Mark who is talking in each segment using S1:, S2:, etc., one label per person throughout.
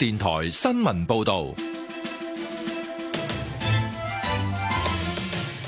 S1: 電台新聞報道。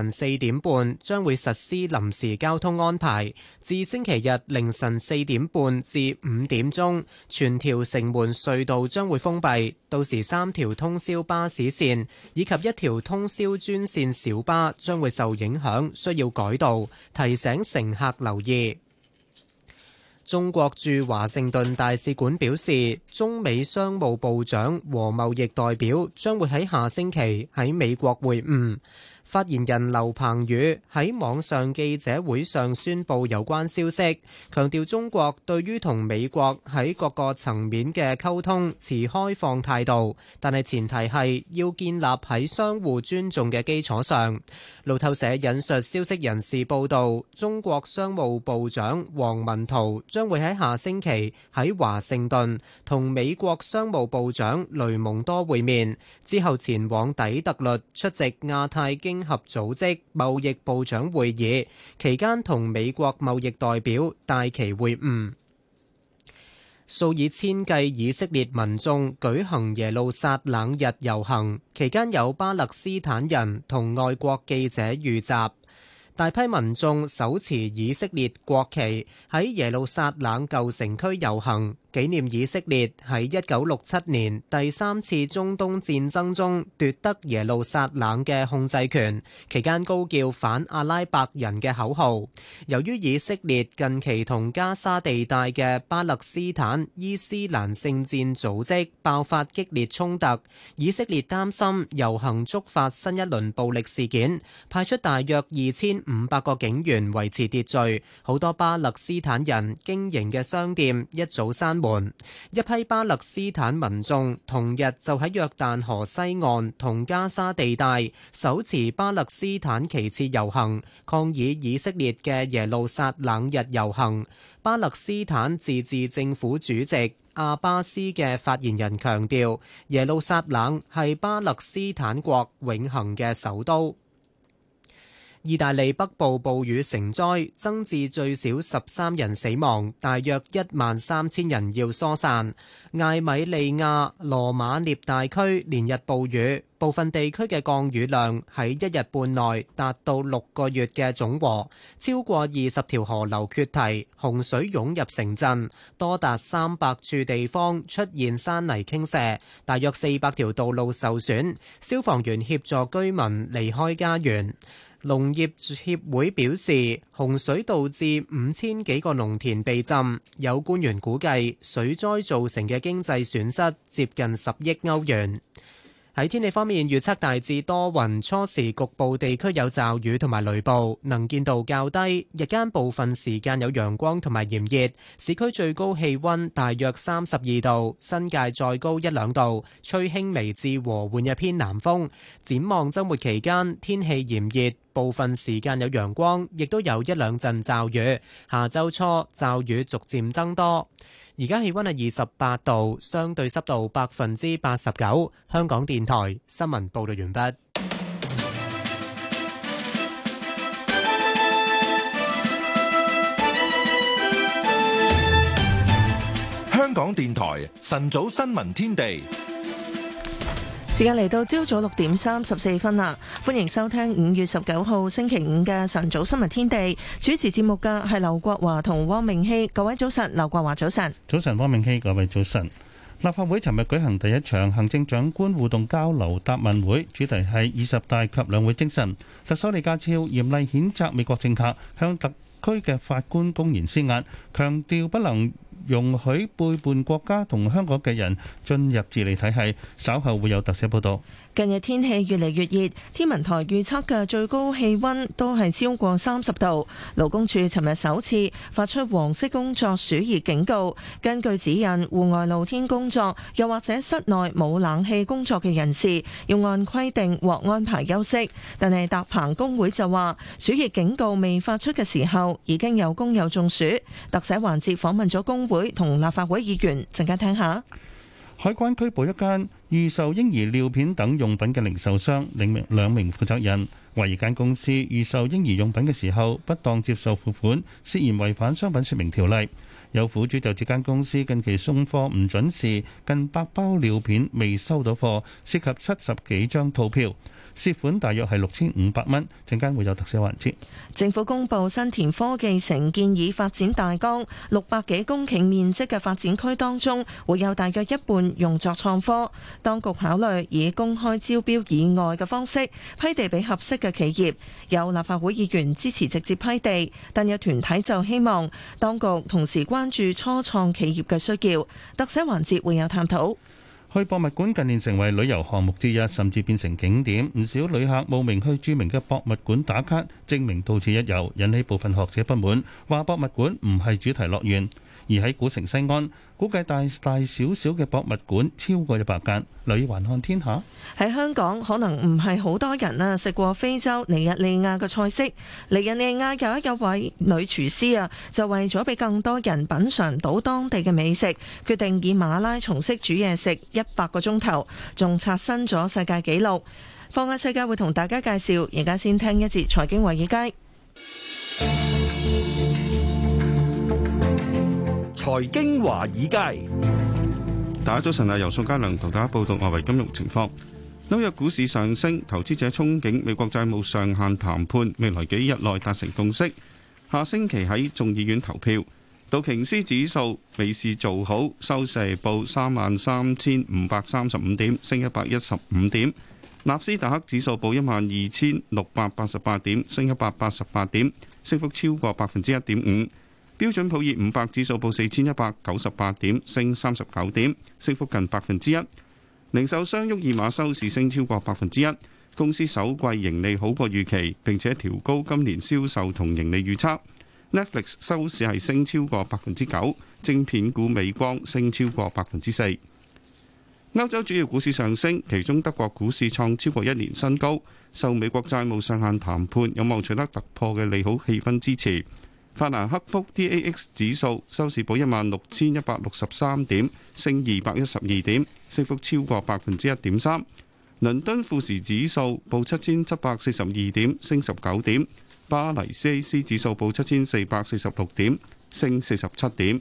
S2: 凌晨四點半將會實施臨時交通安排，自星期日凌晨四點半至五點鐘，全條城門隧道將會封閉。到時三條通宵巴士線以及一條通宵專線小巴將會受影響，需要改道，提醒乘客留意。中國駐華盛頓大使館表示，中美商務部長和貿易代表將會喺下星期喺美國會晤。發言人劉鵬宇喺網上記者會上宣布有關消息，強調中國對於同美國喺各個層面嘅溝通持開放態度，但係前提係要建立喺相互尊重嘅基礎上。路透社引述消息人士報道，中國商務部長王文濤將會喺下星期喺華盛頓同美國商務部長雷蒙多會面，之後前往底特律出席亞太經聯合組織貿易部長會議期間，同美國貿易代表戴琪會晤。數以千計以色列民眾舉行耶路撒冷日遊行，期間有巴勒斯坦人同外國記者遇襲。大批民眾手持以色列國旗喺耶路撒冷舊城區遊行。紀念以色列喺一九六七年第三次中東戰爭中奪得耶路撒冷嘅控制權，期間高叫反阿拉伯人嘅口號。由於以色列近期同加沙地帶嘅巴勒斯坦伊斯蘭聖戰組織爆發激烈衝突，以色列擔心遊行觸發新一輪暴力事件，派出大約二千五百個警員維持秩序。好多巴勒斯坦人經營嘅商店一早閂。一批巴勒斯坦民眾同日就喺約旦河西岸同加沙地帶手持巴勒斯坦旗幟遊行，抗議以色列嘅耶路撒冷日遊行。巴勒斯坦自治政府主席阿巴斯嘅發言人強調，耶路撒冷係巴勒斯坦國永恆嘅首都。意大利北部暴雨成災，增至最少十三人死亡，大約一萬三千人要疏散。艾米利亞羅馬涅大區連日暴雨，部分地區嘅降雨量喺一日半內達到六個月嘅總和，超過二十條河流決堤，洪水湧入城鎮，多達三百處地方出現山泥傾瀉，大約四百條道路受損，消防員協助居民離開家園。農業協會表示，洪水導致五千幾個農田被浸，有官員估計水災造成嘅經濟損失接近十億歐元。喺天氣方面，預測大致多雲，初時局部地區有驟雨同埋雷暴，能見度較低。日間部分時間有陽光同埋炎熱，市區最高氣温大約三十二度，新界再高一兩度，吹輕微至和緩一偏南風。展望週末期間，天氣炎熱，部分時間有陽光，亦都有一兩陣驟雨。下周初驟雨逐漸增多。而家氣温係二十八度，相對濕度百分之八十九。香港電台新聞報道完畢。
S1: 香港電台晨早新聞天地。
S3: 時間嚟到朝早六點三十四分啦，歡迎收聽五月十九號星期五嘅晨早新聞天地。主持節目嘅係劉國華同汪明熙，各位早晨，劉國華早晨，
S4: 早晨，汪明熙各位早晨。立法會尋日舉行第一場行政長官互動交流答問會，主題係二十大及兩會精神。特首李家超嚴厲譴責美國政客向特區嘅法官公然施壓，強調不能。容許背叛國家同香港嘅人進入治理體系，稍後會有特寫
S5: 報道。
S3: 近日天氣越嚟越熱，天文台預測嘅最高氣温都係超過三十度。勞工處尋日首次發出黃色工作暑熱警告，根據指引，戶外露天工作又或者室內冇冷氣工作嘅人士，要按規定或安排休息。但係搭棚工會就話，暑熱警告未發出嘅時候，已經有工友中暑。特寫環節訪問咗工會同立法會議員，陣間聽下。
S4: 海關拘捕一間。預售嬰兒尿片等用品嘅零售商，領兩名負責人。懷疑間公司預售嬰兒用品嘅時候，不當接受付款，涉嫌違反商品説明條例。有苦主就指間公司近期送貨唔準時，近百包尿片未收到貨，涉及七十幾張套票，涉款大約係六千五百蚊。陣間會有特色環節。
S3: 政府公布新田科技城建議發展大綱，六百幾公頃面積嘅發展區當中，會有大約一半用作創科。當局考慮以公開招標以外嘅方式批地俾合適嘅。企業有立法會議員支持直接批地，但有團體就希望當局同時關注初創企業嘅需要。特寫環節會有探討。
S4: 去博物館近年成為旅遊項目之一，甚至變成景點。唔少旅客慕名去著名嘅博物館打卡，證明到此一遊，引起部分學者不滿，話博物館唔係主題樂園。而喺古城西安，估計大大小小嘅博物館超過一百間。留意環看天下。
S3: 喺香港，可能唔係好多人啊，食過非洲尼日利亞嘅菜式。尼日利亞有一一位女廚師啊，就為咗俾更多人品嚐到當地嘅美食，決定以馬拉松式煮嘢食一百個鐘頭，仲刷新咗世界紀錄。《放眼世界》會同大家介紹，而家先聽一節《財經維爾街》。
S6: 財經
S7: 華爾街，大家早晨啊！由宋家良同大家報道外圍金融情況。紐約股市上升，投資者憧憬美國債務上限談判未來幾日內達成共識，下星期喺眾議院投票。道瓊斯指數美市做好，收市報三萬三千五百三十五點，升一百一十五點。納斯達克指數報一萬二千六百八十八點，升一百八十八點，升幅超過百分之一點五。標準普爾五百指數報四千一百九十八點，升三十九點，升幅近百分之一。零售商沃爾瑪收市升超過百分之一，公司首季盈利好過預期，並且調高今年銷售同盈利預測。Netflix 收市係升超過百分之九，晶片股美光升超過百分之四。歐洲主要股市上升，其中德國股市創超過一年新高，受美國債務上限談判有望取得突破嘅利好氣氛支持。法蘭克福 DAX 指數收市報一萬六千一百六十三點，升二百一十二點，升幅超過百分之一點三。倫敦富時指數報七千七百四十二點，升十九點。巴黎 CAC 指數報七千四百四十六點，升四十七點。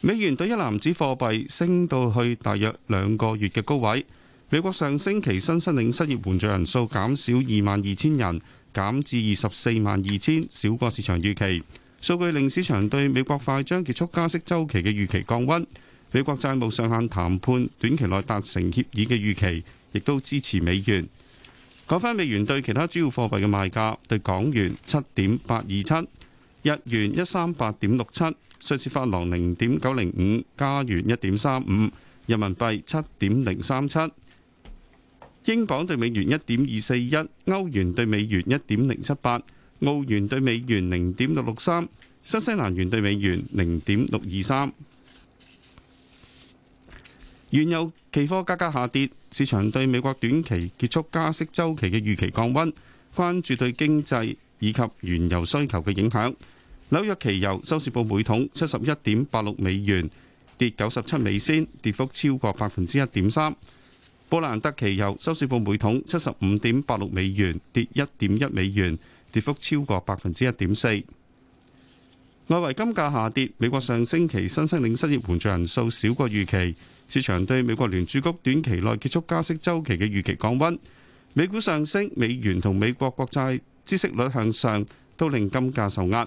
S7: 美元對一籃子貨幣升到去大約兩個月嘅高位。美國上星期新申領失業援助人數減少二萬二千人。減至二十四萬二千，少過市場預期。數據令市場對美國快將結束加息週期嘅預期降溫。美國債務上限談判短期內達成協議嘅預期，亦都支持美元。講翻美元對其他主要貨幣嘅賣價：對港元七點八二七，日元一三八點六七，瑞士法郎零點九零五，加元一點三五，人民幣七點零三七。英鎊兌美元一點二四一，歐元兌美元一點零七八，澳元兌美元零點六六三，新西蘭元兌美元零點六二三。原油期貨價格下跌，市場對美國短期結束加息周期嘅預期降温，關注對經濟以及原油需求嘅影響。紐約期油收市報每桶七十一點八六美元，跌九十七美仙，跌幅超過百分之一點三。布蘭特期油收市報每桶七十五點八六美元，跌一點一美元，跌幅超過百分之一點四。外圍金價下跌，美國上星期新申領失業援助人數少過預期，市場對美國聯儲局短期內結束加息週期嘅預期降溫。美股上升，美元同美國國債孳息率向上，都令金價受壓。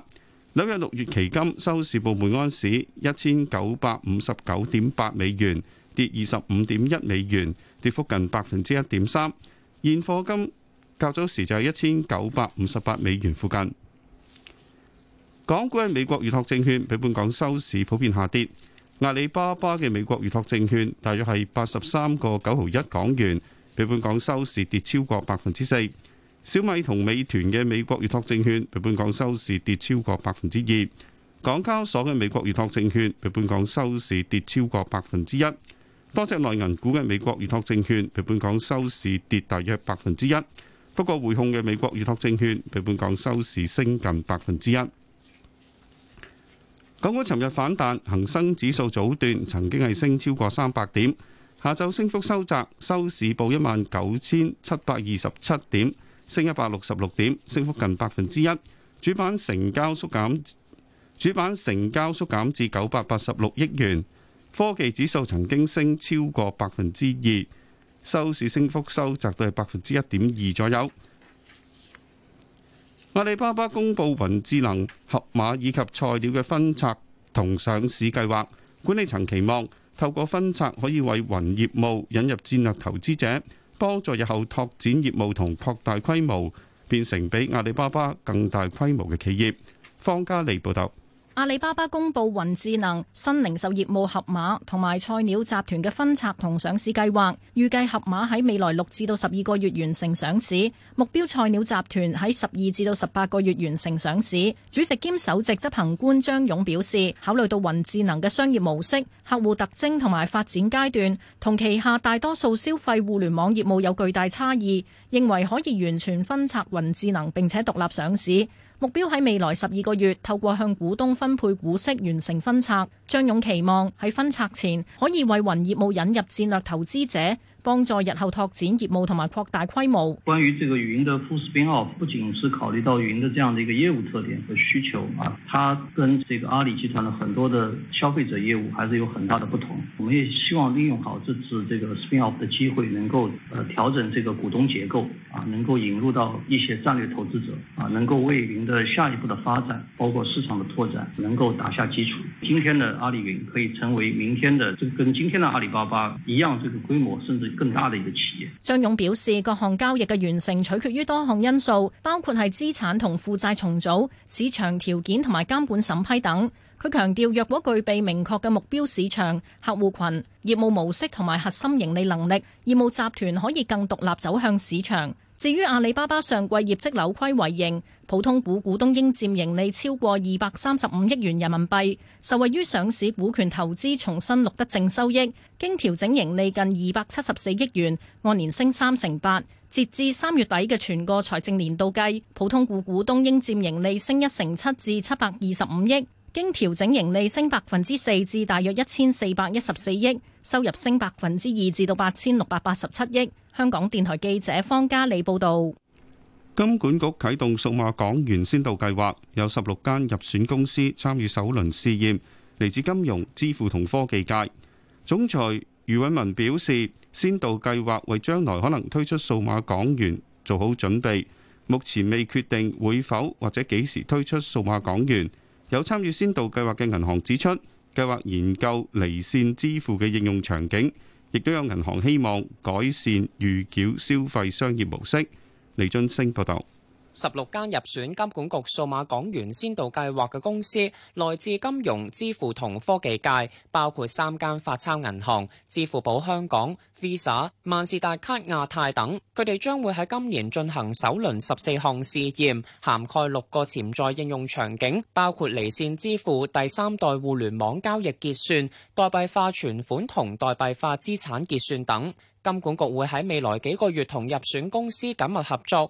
S7: 紐約六月期金收市報每安士一千九百五十九點八美元，跌二十五點一美元。跌幅近百分之一點三，現貨金較早時就係一千九百五十八美元附近。港股嘅美國預託證券比本港收市普遍下跌。阿里巴巴嘅美國預託證券大約係八十三個九毫一港元，比本港收市跌超過百分之四。小米同美團嘅美國預託證券比本港收市跌超過百分之二。港交所嘅美國預託證券比本港收市跌超過百分之一。多隻內銀股嘅美國預託證券，比本港收市跌大約百分之一。不過，匯控嘅美國預託證券，比本港收市升近百分之一。港股尋日反彈，恒生指數早段曾經係升超過三百點，下晝升幅收窄，收市報一萬九千七百二十七點，升一百六十六點，升幅近百分之一。主板成交縮減，主板成交縮減至九百八十六億元。科技指數曾經升超過百分之二，收市升幅收窄到係百分之一點二左右。阿里巴巴公布雲智能、盒馬以及菜鳥嘅分拆同上市計劃，管理層期望透過分拆可以為雲業務引入戰略投資者，幫助日後拓展業務同擴大規模，變成比阿里巴巴更大規模嘅企業。方家利報導。
S8: 阿里巴巴公布雲智能、新零售業務盒馬同埋菜鳥集團嘅分拆同上市計劃，預計盒馬喺未來六至到十二個月完成上市，目標菜鳥集團喺十二至到十八個月完成上市。主席兼首席執行官張勇表示，考慮到雲智能嘅商業模式、客戶特徵同埋發展階段，同旗下大多數消費互聯網業務有巨大差異，認為可以完全分拆雲智能並且獨立上市。目標喺未來十二個月，透過向股東分配股息完成分拆。張勇期望喺分拆前可以為雲業務引入戰略投資者。幫助日後拓展業務，同埋擴大規模。
S9: 關於這個雲的 Full Spin Off，不僅是考慮到雲的這樣的一個業務特點和需求啊，它跟這個阿里集團的很多的消費者業務還是有很大的不同。我們也希望利用好這次這個 Spin Off 的機會，能夠呃調整這個股東結構啊，能夠引入到一些戰略投資者啊，能夠為雲的下一步的發展，包括市場的拓展，能夠打下基礎。今天的阿里雲可以成為明天的，這個跟今天的阿里巴巴一樣，這個規模甚至。
S6: 更
S8: 加張勇表示，各項交易嘅完成取決於多項因素，包括係資產同負債重組、市場條件同埋監管審批等。佢強調，若果具備明確嘅目標市場、客戶群、業務模式同埋核心盈利能力，業務集團可以更獨立走向市場。至於阿里巴巴上季業績扭虧為盈，普通股股東應占盈利超過二百三十五億元人民幣，受惠於上市股權投資重新錄得正收益，經調整盈利近二百七十四億元，按年升三成八。截至三月底嘅全個財政年度計，普通股股東應占盈利升一成七至七百二十五億，經調整盈利升百分之四至大約一千四百一十四億，收入升百分之二至到八千六百八十七億。香港電台記者方嘉莉報道。
S7: 金管局啟動數碼港元先導計劃，有十六間入選公司參與首輪試驗，嚟自金融、支付同科技界。總裁余偉文表示，先導計劃為將來可能推出數碼港元做好準備。目前未決定會否或者幾時推出數碼港元。有參與先導計劃嘅銀行指出，計劃研究離線支付嘅應用場景，亦都有銀行希望改善預繳消費商業模式。李俊升報道：
S10: 十六間入選金管局數碼港元先導計劃嘅公司，來自金融、支付同科技界，包括三間發鈔銀行、支付寶香港、Visa、萬事達卡亞太等。佢哋將會喺今年進行首輪十四項試驗，涵蓋六個潛在應用場景，包括離線支付、第三代互聯網交易結算、代幣化存款同代幣化資產結算等。金管局會喺未來幾個月同入選公司緊密合作。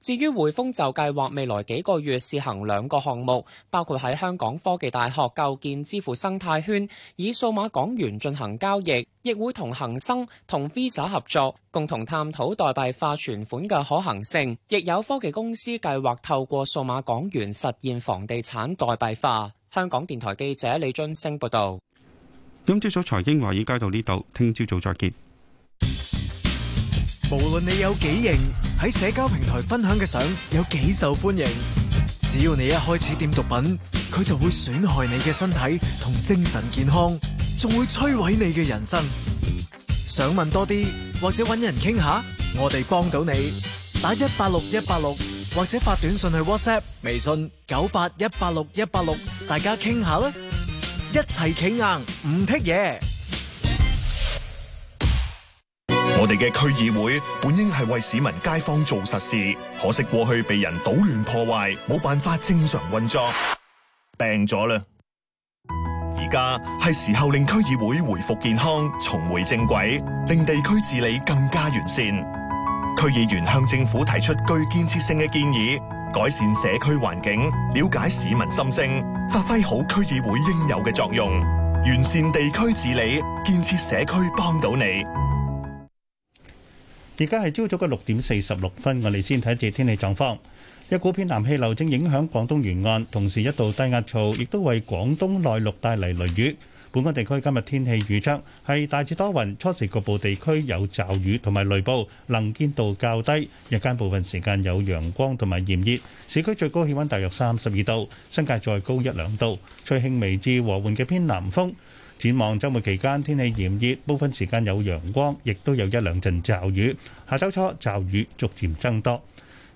S10: 至於匯豐就計劃未來幾個月試行兩個項目，包括喺香港科技大學構建支付生態圈，以數碼港元進行交易；亦會同恒生同 Visa 合作，共同探討代幣化存款嘅可行性。亦有科技公司計劃透過數碼港元實現房地產代幣化。香港電台記者李俊升報道。
S7: 今朝早財經華爾街到呢度，聽朝早再見。
S6: 無論你有幾型，喺社交平台分享嘅相有幾受歡迎，只要你一開始點毒品，佢就會損害你嘅身體同精神健康，仲會摧毀你嘅人生。想問多啲，或者揾人傾下，我哋幫到你打。打一八六一八六或者發短信去 WhatsApp、微信九八一八六一八六，6, 大家傾下啦，一齊企硬，唔剔嘢。
S1: 我哋嘅區議會本應係為市民街坊做實事，可惜過去被人搗亂破壞，冇辦法正常運作，病咗啦。而家係時候令區議會回復健康，重回正軌，令地區治理更加完善。區議員向政府提出具建設性嘅建議，改善社區環境，了解市民心聲，發揮好區議會應有嘅作用，完善地區治理，建設社區，幫到你。
S4: 而家係朝早嘅六點四十六分，我哋先睇一節天氣狀況。一股偏南氣流正影響廣東沿岸，同時一道低壓槽亦都為廣東內陸帶嚟雷雨。本港地區今日天氣預測係大致多雲，初時局部地區有驟雨同埋雷暴，能見度較低，日間部分時間有陽光同埋炎熱。市區最高氣温大約三十二度，新界再高一兩度，吹輕微至和緩嘅偏南風。展望周末期間，天氣炎熱，部分時間有陽光，亦都有一兩陣驟雨。下周初驟雨逐漸增多。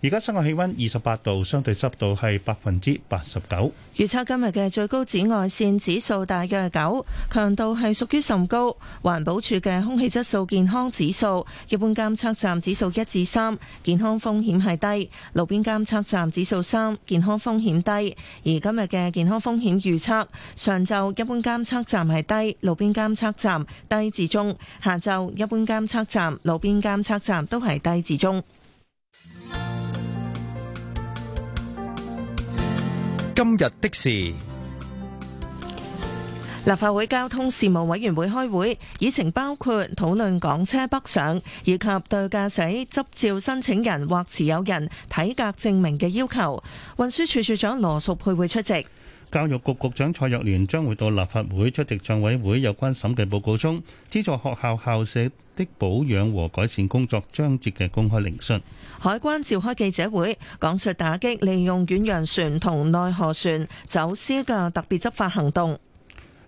S4: 而家室外氣溫二十八度，相對濕度係百分之八十九。
S3: 預測今日嘅最高紫外線指數大約九，強度係屬於甚高。環保署嘅空氣質素健康指數，一般監測站指數一至三，健康風險係低；路邊監測站指數三，健康風險低。而今日嘅健康風險預測，上晝一般監測站係低，路邊監測站低至中；下晝一般監測站、路邊監測站都係低至中。
S11: 今日的事，
S3: 立法會交通事務委員會開會，議程包括討論港車北上以及對駕駛執照申請人或持有人體格證明嘅要求。運輸署署長羅淑佩會出席。
S4: 教育局局長蔡若蓮將會到立法會出席帳委會有關審計報告中資助學校校舍的保養和改善工作章節嘅公開聆訊。
S3: 海關召開記者會，講述打擊利用遠洋船同內河船走私嘅特別執法行動。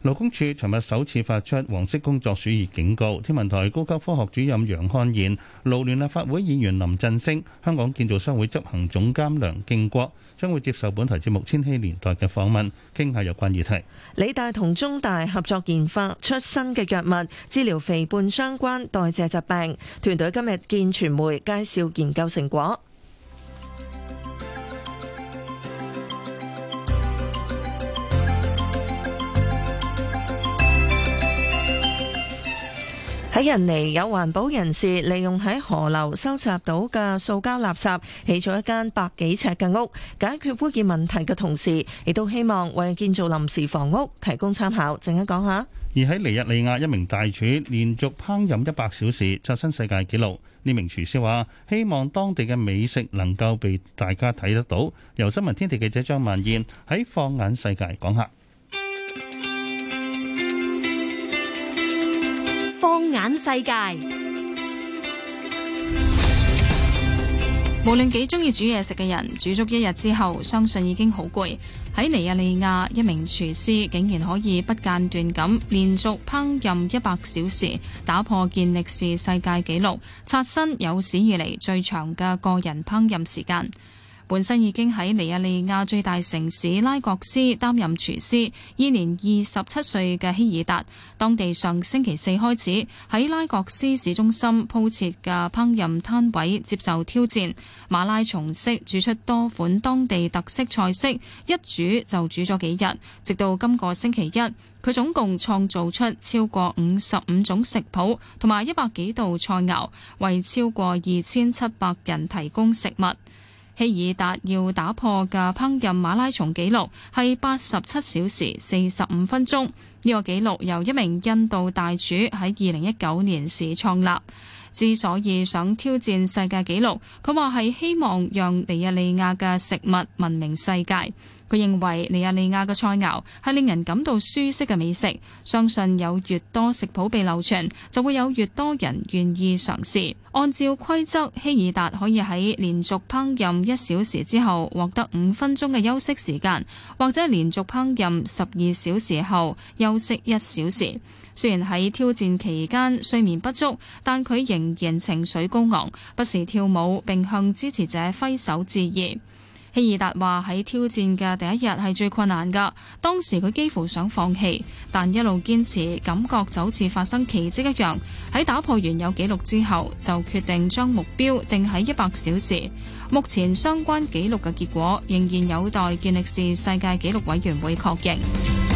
S4: 勞工處尋日首次發出黃色工作暑熱警告。天文台高級科學主任楊漢賢、勞聯立法會議員林振升、香港建造商會執行總監梁敬國，將會接受本台節目《千禧年代》嘅訪問，傾下有關議題。
S3: 理大同中大合作研發出新嘅藥物，治療肥胖相關代謝疾病。團隊今日見傳媒介紹研究成果。喺印尼有環保人士利用喺河流收集到嘅塑膠垃圾起咗一間百幾尺嘅屋，解決污染問題嘅同時，亦都希望為建造臨時房屋提供參考。陣間講下。
S4: 而喺尼日利亞，一名大廚連續烹飪一百小時，刷新世界紀錄。呢名廚師話：希望當地嘅美食能夠被大家睇得到。由新聞天地記者張曼燕喺放眼世界講下。
S12: 眼世界，無論幾中意煮嘢食嘅人，煮足一日之後，相信已經好攰。喺尼日利亞，一名廚師竟然可以不間斷咁連續烹飪一百小時，打破健力士世界紀錄，刷新有史以嚟最長嘅個人烹飪時間。本身已經喺尼日利亞最大城市拉各斯擔任廚師，依年二十七歲嘅希爾達，當地上星期四開始喺拉各斯市中心鋪設嘅烹飪攤位接受挑戰，馬拉松式煮出多款當地特色菜式，一煮就煮咗幾日，直到今個星期一，佢總共創造出超過五十五種食譜同埋一百幾道菜肴，為超過二千七百人提供食物。希爾達要打破嘅烹飪馬拉松紀錄係八十七小時四十五分鐘，呢個紀錄由一名印度大廚喺二零一九年時創立。之所以想挑戰世界紀錄，佢話係希望讓尼日利亞嘅食物聞名世界。佢認為尼亞利亞嘅菜肴係令人感到舒適嘅美食，相信有越多食譜被流傳，就會有越多人願意嘗試。按照規則，希爾達可以喺連續烹飪一小時之後獲得五分鐘嘅休息時間，或者連續烹飪十二小時後休息一小時。雖然喺挑戰期間睡眠不足，但佢仍然情緒高昂，不時跳舞並向支持者揮手致意。希爾達話：喺挑戰嘅第一日係最困難㗎，當時佢幾乎想放棄，但一路堅持，感覺就好似發生奇蹟一樣。喺打破原有紀錄之後，就決定將目標定喺一百小時。目前相關紀錄嘅結果仍然有待健力士世界紀錄委員會確認。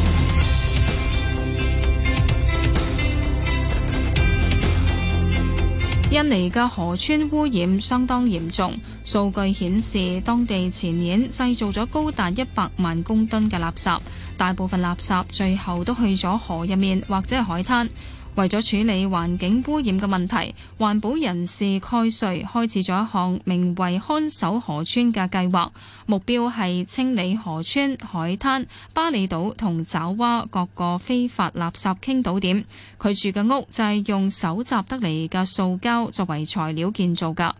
S12: 印尼嘅河川污染相當嚴重，數據顯示當地前年製造咗高達一百萬公噸嘅垃圾，大部分垃圾最後都去咗河入面或者海灘。為咗處理環境污染嘅問題，環保人士蓋瑞開始咗一項名為「看守河川」嘅計劃，目標係清理河川、海灘、巴厘島同爪哇各個非法垃圾傾倒點。佢住嘅屋就係用蒐集得嚟嘅塑膠作為材料建造嘅。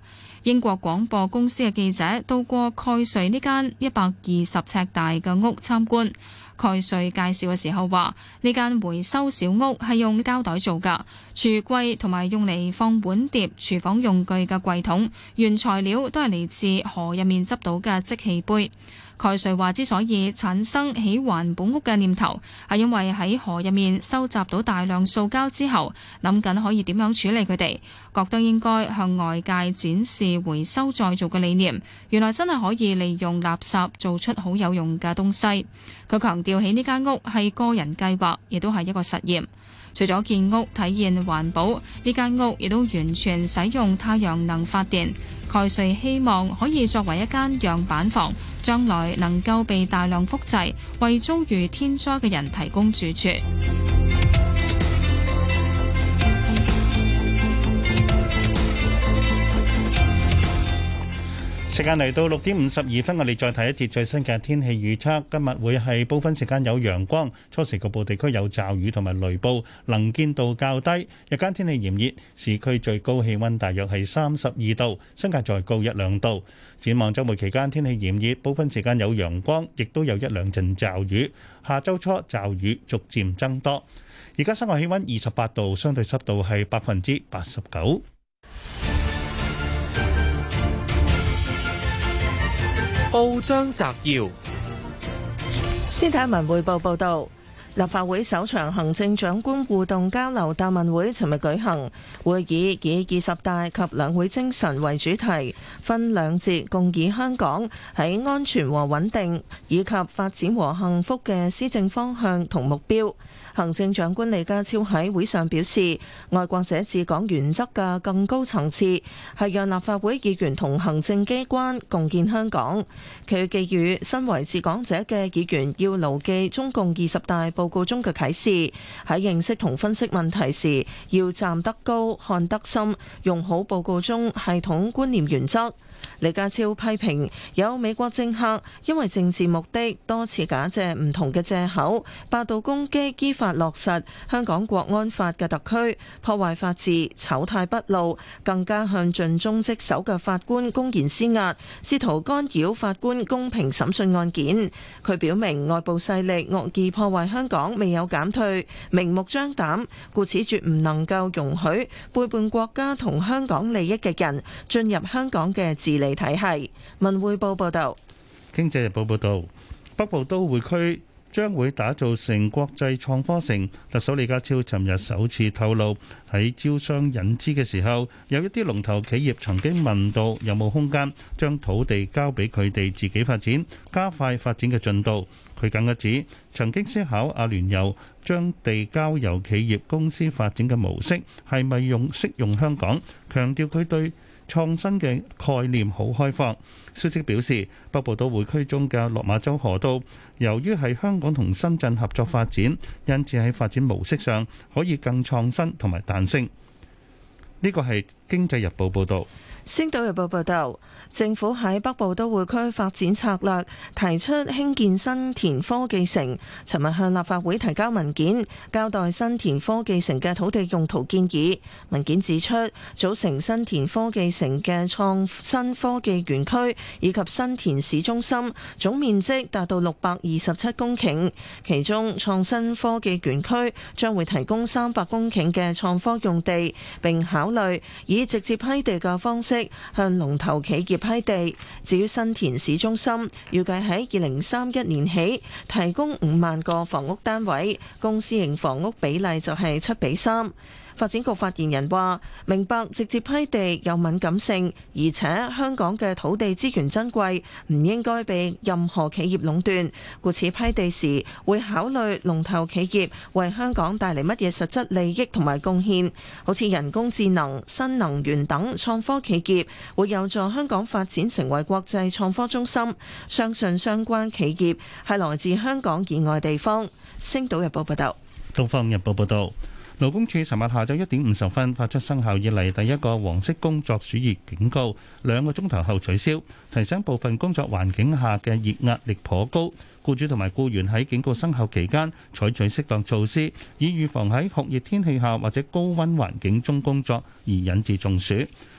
S12: 英國廣播公司嘅記者到過蓋瑞呢間一百二十尺大嘅屋參觀。蓋瑞介紹嘅時候話：呢間回收小屋係用膠袋做噶，櫥櫃同埋用嚟放碗碟、廚房用具嘅櫃桶，原材料都係嚟自河入面執到嘅即棄杯。蓋瑞話：之所以產生起環保屋嘅念頭，係因為喺河入面收集到大量塑膠之後，諗緊可以點樣處理佢哋，覺得應該向外界展示回收再造嘅理念。原來真係可以利用垃圾做出好有用嘅東西。佢強調起呢間屋係個人計劃，亦都係一個實驗。除咗建屋體現環保，呢間屋亦都完全使用太陽能發電。蓋瑞希望可以作為一間樣板房，將來能夠被大量複製，為遭遇天災嘅人提供住處。
S4: 時間嚟到六點五十二分，我哋再睇一節最新嘅天氣預測。今日會係部分時間有陽光，初時局部地區有驟雨同埋雷暴，能見度較低。日間天氣炎熱，市區最高氣溫大約係三十二度，新界再高一兩度。展望周末期，期間天氣炎熱，部分時間有陽光，亦都有一兩陣驟雨。下周初驟雨逐漸增多。而家室外氣溫二十八度，相對濕度係百分之八十九。
S13: 澳章先文報章摘要：
S3: 《斯泰文匯報》報道，立法會首場行政長官互動交流答問會，尋日舉行。會議以二十大及兩會精神為主題，分兩節，共議香港喺安全和穩定以及發展和幸福嘅施政方向同目標。行政長官李家超喺會上表示，愛國者治港原則嘅更高層次係讓立法會議員同行政機關共建香港。佢寄語身為治港者嘅議員要牢記中共二十大報告中嘅啟示，喺認識同分析問題時要站得高、看得深，用好報告中系統觀念原則。李家超批評有美國政客因為政治目的，多次假借唔同嘅借口，霸道攻擊、依法落實香港國安法嘅特區，破壞法治、醜態畢露，更加向盡忠職守嘅法官公然施壓，試圖干擾法官公平審訊案件。佢表明外部勢力惡意破壞香港未有減退，明目張膽，故此絕唔能夠容許背叛國家同香港利益嘅人進入香港嘅治理。體系文匯報報道，
S4: 《經濟日報》報道，北部都會區將會打造成國際創科城。特首李家超尋日首次透露，喺招商引資嘅時候，有一啲龍頭企業曾經問到有冇空間將土地交俾佢哋自己發展，加快發展嘅進度。佢更加指，曾經思考阿聯酋將地交由企業公司發展嘅模式，係咪用適用香港？強調佢對。創新嘅概念好開放。消息表示，北部都會區中嘅落馬洲河道，由於係香港同深圳合作發展，因此喺發展模式上可以更創新同埋彈性。呢個係《經濟日報》報導，
S3: 《星島日報》報導。政府喺北部都會區發展策略提出興建新田科技城。尋日向立法會提交文件，交代新田科技城嘅土地用途建議。文件指出，組成新田科技城嘅創新科技園區以及新田市中心，總面積達到六百二十七公頃，其中，創新科技園區將會提供三百公頃嘅創科用地，並考慮以直接批地嘅方式向龍頭企業。批地，至於新田市中心，預計喺二零三一年起提供五萬個房屋單位，公私營房屋比例就係七比三。發展局發言人話：明白直接批地有敏感性，而且香港嘅土地資源珍貴，唔應該被任何企業壟斷。故此批地時會考慮龍頭企業為香港帶嚟乜嘢實質利益同埋貢獻。好似人工智能、新能源等創科企業，會有助香港發展成為國際創科中心。相信相關企業係來自香港以外地方。《星島日報》報道，
S4: 《東方日報》報道。勞工處尋日下晝一點五十分發出生效以嚟，第一個黃色工作暑熱警告，兩個鐘頭後取消，提醒部分工作環境下嘅熱壓力頗高，僱主同埋僱員喺警告生效期間採取適當措施，以預防喺酷熱天氣下或者高溫環境中工作而引致中暑。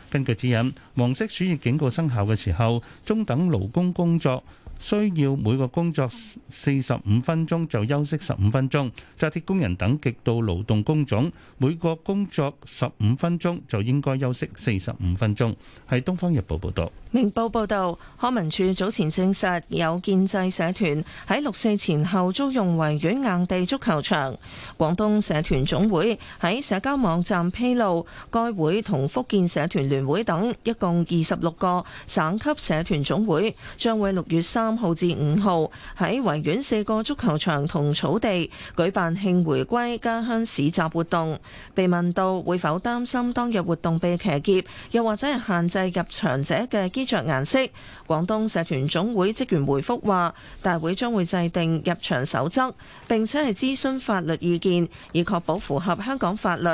S4: 根據指引，黃色暑熱警告生效嘅時候，中等勞工工作，需要每個工作四十五分鐘就休息十五分鐘，紮鐵工人等極度勞動工種，每個工作十五分鐘就應該休息四十五分鐘。係《東方日報》報導。
S3: 明報報導，康文署早前證實有建制社團喺六四前後租用維園硬地足球場。廣東社團總會喺社交網站披露，該會同福建社團聯會等一共二十六個省級社團總會，將會六月三號至五號喺維園四個足球場同草地舉辦慶回歸、家鄉市集活動。被問到會否擔心當日活動被騎劫，又或者係限制入場者嘅？着顏色，廣東社團總會職員回覆話大會將會制定入場守則，並且係諮詢法律意見，以確保符合香港法律。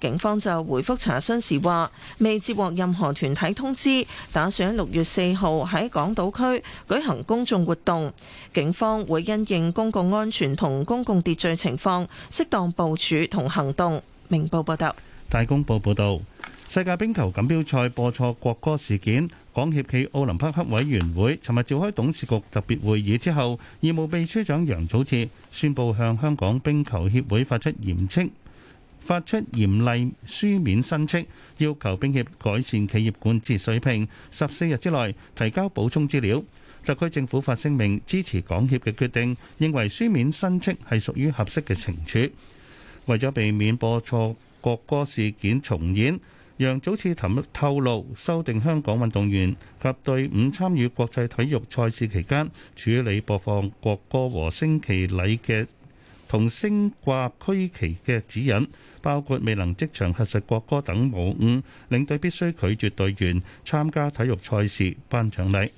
S3: 警方就回覆查詢時話未接獲任何團體通知，打算六月四號喺港島區舉行公眾活動，警方會因應公共安全同公共秩序情況，適當部署同行動。明報報道，
S4: 大公報報道，世界冰球錦標賽播錯國歌事件。港協暨奧林匹克委員會尋日召開董事局特別會議之後，義務秘書長楊祖智宣布向香港冰球協會發出嚴斥，發出嚴厲書面申斥，要求冰協改善企業管治水平，十四日之內提交補充資料。特區政府發聲明支持港協嘅決定，認為書面申斥係屬於合適嘅懲處。為咗避免播錯國歌事件重演。楊祖徹透露，修訂香港運動員及隊伍參與國際體育賽事期間處理播放國歌和升旗禮嘅同升掛區旗嘅指引，包括未能即場核實國歌等無誤，領隊必須拒絕隊員參加體育賽事頒獎禮。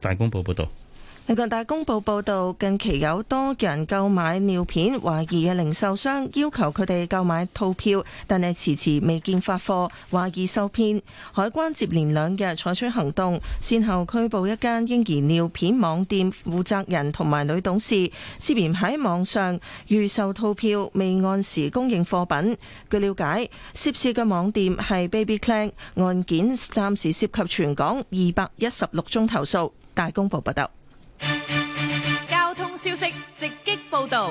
S4: 大公報報導。
S3: 《香港大公報》報道，近期有多人購買尿片，懷疑嘅零售商要求佢哋購買套票，但係遲遲未見發貨，懷疑受騙。海關接連兩日採取行動，先後拘捕一間嬰兒尿片網店負責人同埋女董事，涉嫌喺網上預售套票，未按時供應貨品。據了解，涉事嘅網店係 Baby Clan，案件暫時涉及全港二百一十六宗投訴。大公報報道。
S14: 消息直擊報道。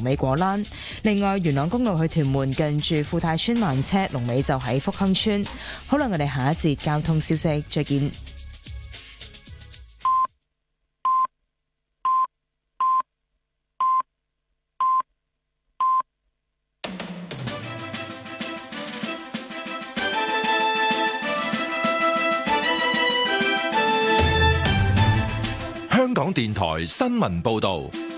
S15: 尾果欄，另外元朗公路去屯門近住富泰村慢車，龍尾就喺福亨村。好啦，我哋下一節交通消息再見。
S1: 香港電台新
S13: 聞報道。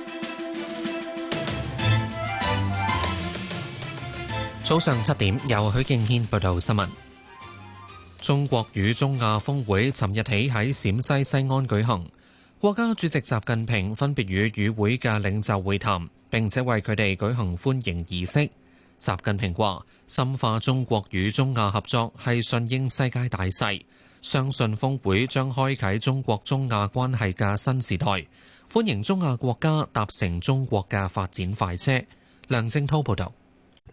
S13: 早上七點，由許敬軒報道新聞。中國與中亞峰會尋日起喺陝西西安舉行，國家主席習近平分別與與會嘅領袖會談，並且為佢哋舉行歡迎儀式。習近平話：深化中國與中亞合作係順應世界大勢，相信峰會將開啟中國中亞關係嘅新時代。歡迎
S2: 中亞國家搭乘中國嘅發展快車。梁正濤報道。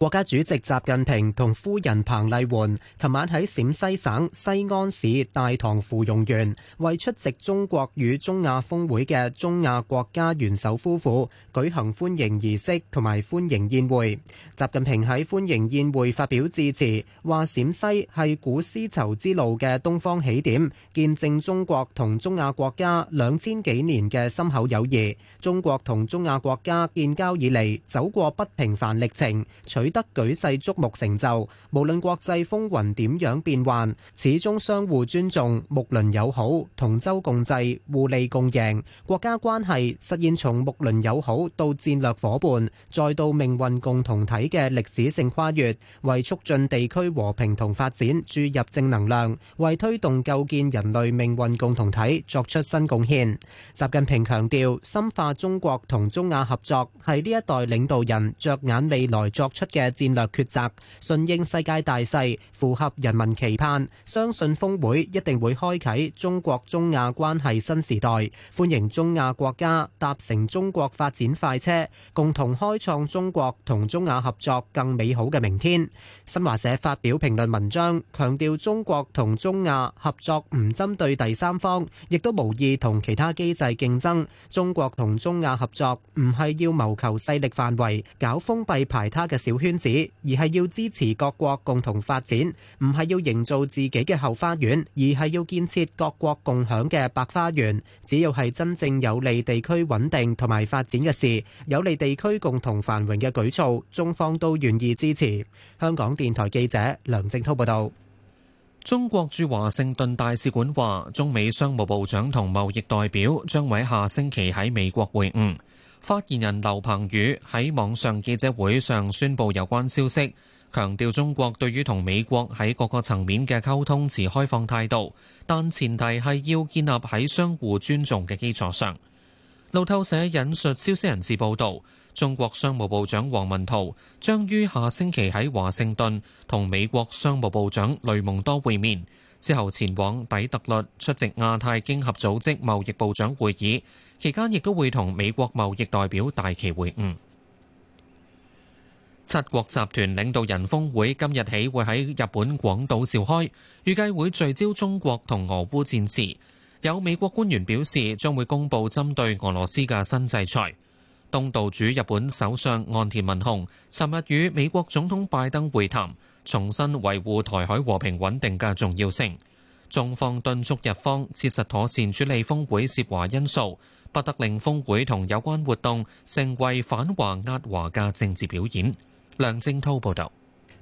S2: 國家主席習近平同夫人彭麗媛琴晚喺陝西省西安市大唐芙蓉園為出席中國與中亞峰會嘅中亞國家元首夫婦舉行歡迎儀式同埋歡迎宴會。習近平喺歡迎宴會發表致辭，話陝西係古絲綢之路嘅東方起點，見證中國同中亞國家兩千幾年嘅深厚友誼。中國同中亞國家建交以嚟，走過不平凡歷程，取得舉世矚目成就，無論國際風雲點樣變幻，始終相互尊重、睦鄰友好、同舟共濟、互利共贏，國家關係實現從睦鄰友好到戰略夥伴，再到命運共同體嘅歷史性跨越，為促進地區和平同發展注入正能量，為推動構建人類命運共同體作出新貢獻。習近平強調，深化中國同中亞合作，係呢一代領導人着眼未來作出嘅戰略抉擇，順應世界大勢，符合人民期盼，相信峰會一定會開啟中國中亞關係新時代，歡迎中亞國家搭乘中國發展快車，共同開創中國同中亞合作更美好嘅明天。新華社發表評論文章，強調中國同中亞合作唔針對第三方，亦都無意同其他機制競爭。中國同中亞合作唔係要謀求勢力範圍，搞封閉排他嘅小圈子，而係要支持各國共同發展，唔係要營造自己嘅後花園，而係要建設各國共享嘅百花園。只要係真正有利地區穩定同埋發展嘅事，有利地區共同繁榮嘅舉措，中方都願意支持。香港電台記者梁靜濤報道。中國駐華盛頓
S13: 大使館話，中美商務部長同貿易代表將會下星期喺美國會晤。發言人劉鵬宇喺網上記者會上宣布有關消息，強調中國對於同美國喺各個層面嘅溝通持開放態度，但前提係要建立喺相互尊重嘅基礎上。路透社引述消息人士報道，中國商務部長王文濤將於下星期喺華盛頓同美國商務部長雷蒙多會面，之後前往底特律出席亞太經合組織貿易部長會議。期間亦都會同美國貿易代表戴琪會晤。七國集團領導人峰會今日起會喺日本廣島召開，預計會聚焦中國同俄烏戰事。有美國官員表示，將會公布針對俄羅斯嘅新制裁。東道主日本首相岸田文雄尋日與美國總統拜登會談，重申維護台海和平穩定嘅重要性，中方敦促日方切實妥善處理峰會涉華因素。不得令峰會同有關活動成為反華壓華嘅政治表演。梁正濤報
S2: 導。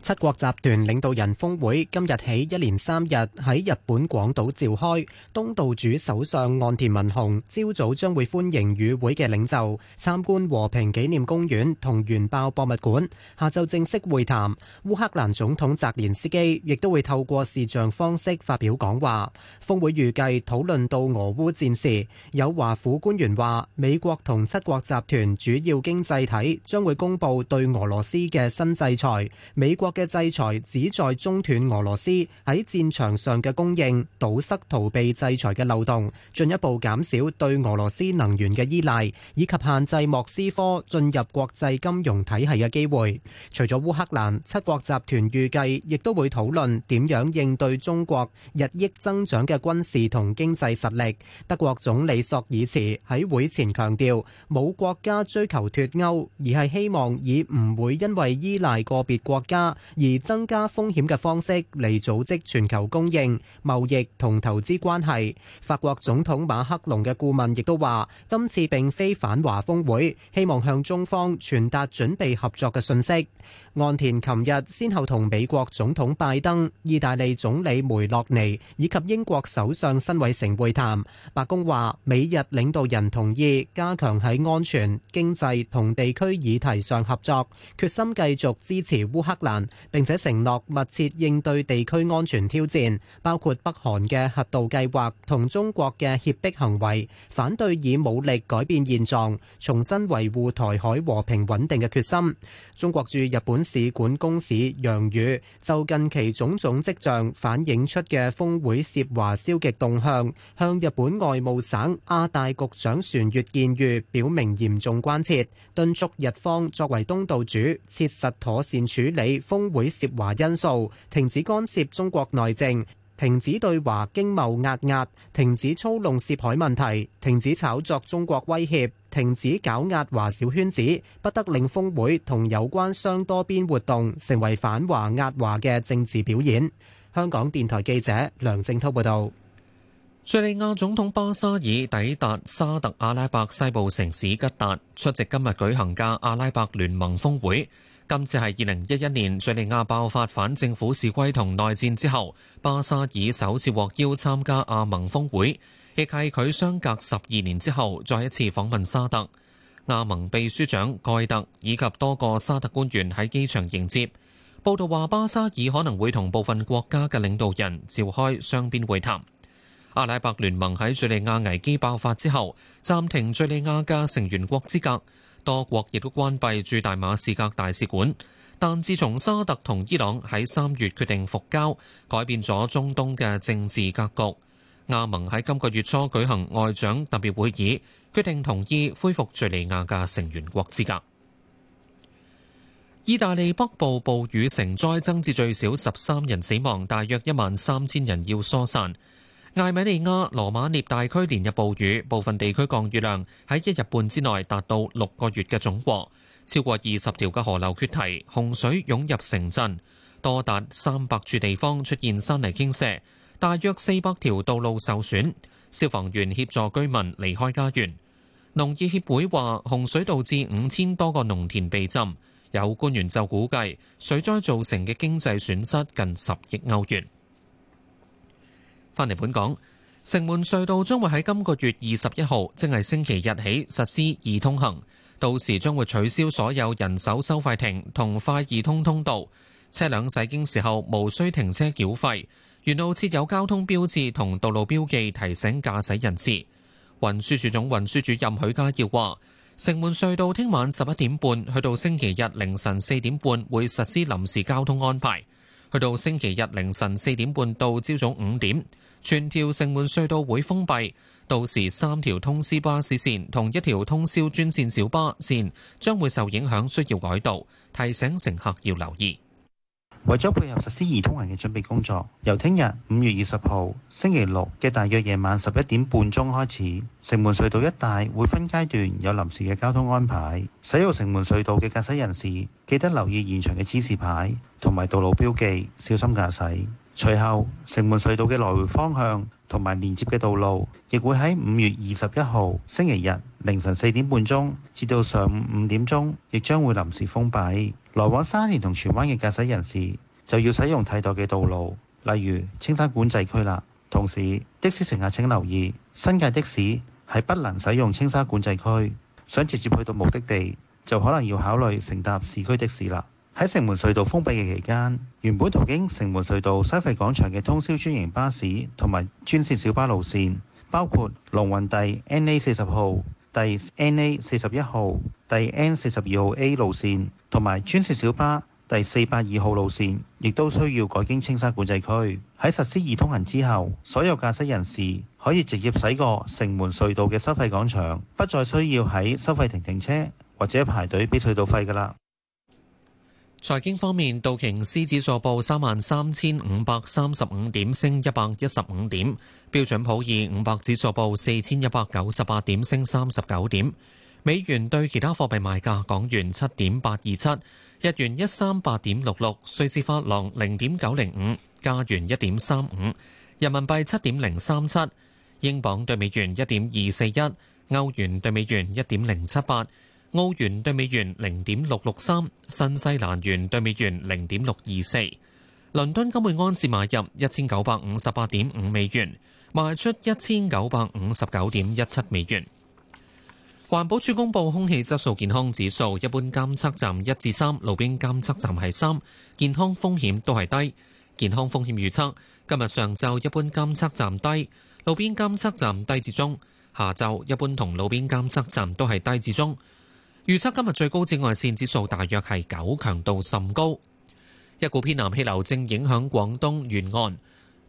S2: 七國集團領導人峰會今日起一連三日喺日本廣島召開，東道主首相岸田文雄朝早將會歡迎與會嘅領袖參觀和平紀念公園同原爆博物館，下晝正式會談。烏克蘭總統澤連斯基亦都會透過視像方式發表講話。峰會預計討論到俄烏戰事。有華府官員話，美國同七國集團主要經濟體將會公布對俄羅斯嘅新制裁。美國嘅制裁旨在中斷俄羅斯喺戰場上嘅供應，堵塞逃避制裁嘅漏洞，進一步減少對俄羅斯能源嘅依賴，以及限制莫斯科進入國際金融體系嘅機會。除咗烏克蘭，七國集團預計亦都會討論點樣應對中國日益增長嘅軍事同經濟實力。德國總理索爾茨喺會前強調，冇國家追求脫鈎，而係希望以唔會因為依賴個別國家而增加風險嘅方式嚟組織全球供應、貿易同投資關係。法國總統馬克龍嘅顧問亦都話，今次並非反華峰會，希望向中方傳達準備合作嘅信息。岸田琴日先後同美國總統拜登、意大利總理梅洛尼以及英國首相辛偉誠會談。白宮話，美日領導人同意加強喺安全、經濟同地區議題上合作，決心繼續支持烏克蘭，並且承諾密切應對地區安全挑戰，包括北韓嘅核導計劃同中國嘅脅迫行為，反對以武力改變現狀，重新維護台海和平穩定嘅決心。中國駐日本使館公使楊宇就近期種種跡象反映出嘅峰會涉華消極動向，向日本外務省亞大局長船越健裕表明嚴重關切，敦促日方作為東道主，切實妥善處理峰會涉華因素，停止干涉中國內政，停止對華經貿壓壓，停止操弄涉海問題，停止炒作中國威脅。停止搞壓華小圈子，不得令峰會同有關雙多邊活動成為反華壓華嘅政治表演。香港電台記者梁正濤報道。
S13: 敘利亞總統巴沙爾抵達沙特阿拉伯西部城市吉達出席今日舉行嘅阿拉伯聯盟峰會，今次係二零一一年敘利亞爆發反政府示威同內戰之後，巴沙爾首次獲邀參加阿盟峰會。亦係佢相隔十二年之後，再一次訪問沙特。亞盟秘書長蓋特以及多個沙特官員喺機場迎接。報道話，巴沙爾可能會同部分國家嘅領導人召開雙邊會談。阿拉伯聯盟喺敍利亞危機爆發之後，暫停敍利亞嘅成員國資格，多國亦都關閉駐大馬士革大使館。但自從沙特同伊朗喺三月決定復交，改變咗中東嘅政治格局。亞盟喺今個月初舉行外長特別會議，決定同意恢復敘利亞嘅成員國資格。意大利北部暴雨成災，災，增至最少十三人死亡，大約一萬三千人要疏散。艾米利亞羅馬涅大區連日暴雨，部分地區降雨量喺一日半之內達到六個月嘅總和，超過二十條嘅河流決堤，洪水湧入城鎮，多達三百處地方出現山泥傾瀉。大約四百條道路受損，消防員協助居民離開家園。農業協會話洪水導致五千多個農田被浸，有官員就估計水災造成嘅經濟損失近十億歐元。返嚟本港，城門隧道將會喺今個月二十一號，即係星期日起實施易通行，到時將會取消所有人手收費亭同快易通通道，車輛駛經時候無需停車繳費。沿路設有交通標誌同道路標記，提醒駕駛人士。運輸署總運輸主任許家耀話，城門隧道聽晚十一點半去到星期日凌晨四點半會實施臨時交通安排，去到星期日凌晨四點半到朝早五點，全條城門隧道會封閉，到時三條通宵巴士線同一條通宵專線小巴線將會受影響，需要改道，提醒乘客要留意。
S5: 為咗配合實施易通行嘅準備工作，由聽日五月二十號星期六嘅大約夜晚十一點半鐘開始，城門隧道一帶會分階段有臨時嘅交通安排。使用城門隧道嘅駕駛人士記得留意現場嘅指示牌同埋道路標記，小心駕駛。隨後，城門隧道嘅來回方向同埋連接嘅道路，亦會喺五月二十一號星期日凌晨四點半鐘至到上午五點鐘，亦將會臨時封閉。來往沙田同荃灣嘅駕駛人士就要使用替代嘅道路，例如青沙管制區啦。同時，的士乘客請留意，新界的士係不能使用青沙管制區，想直接去到目的地就可能要考慮乘搭乘市區的士啦。喺城門隧道封閉嘅期間，原本途經城門隧道收費廣場嘅通宵專營巴士同埋專線小巴路線，包括龍運第 N A 四十號、第 N A 四十一號、第 N 四十二號 A 路線。同埋專線小巴第四百二號路線，亦都需要改經青沙管制區。喺實施易通行之後，所有駕駛人士可以直接駛過城門隧道嘅收費廣場，不再需要喺收費亭停，停車或者排隊俾隧道費噶啦。
S13: 財經方面，道瓊斯指數報三萬三千五百三十五點，升一百一十五點；標準普爾五百指數報四千一百九十八點，升三十九點。美元對其他貨幣賣價：港元七點八二七，日元一三八點六六，瑞士法郎零點九零五，加元一點三五，人民幣七點零三七，英鎊對美元一點二四一，歐元對美元一點零七八，澳元對美元零點六六三，新西蘭元對美元零點六二四。倫敦金會安士買入一千九百五十八點五美元，賣出一千九百五十九點一七美元。環保署公布空氣質素健康指數，一般監測站一至三，路邊監測站係三，健康風險都係低。健康風險預測今日上晝一般監測站低，路邊監測站低至中；下晝一般同路邊監測站都係低至中。預測今日最高紫外線指數大約係九，強度甚高。一股偏南氣流正影響廣東沿岸。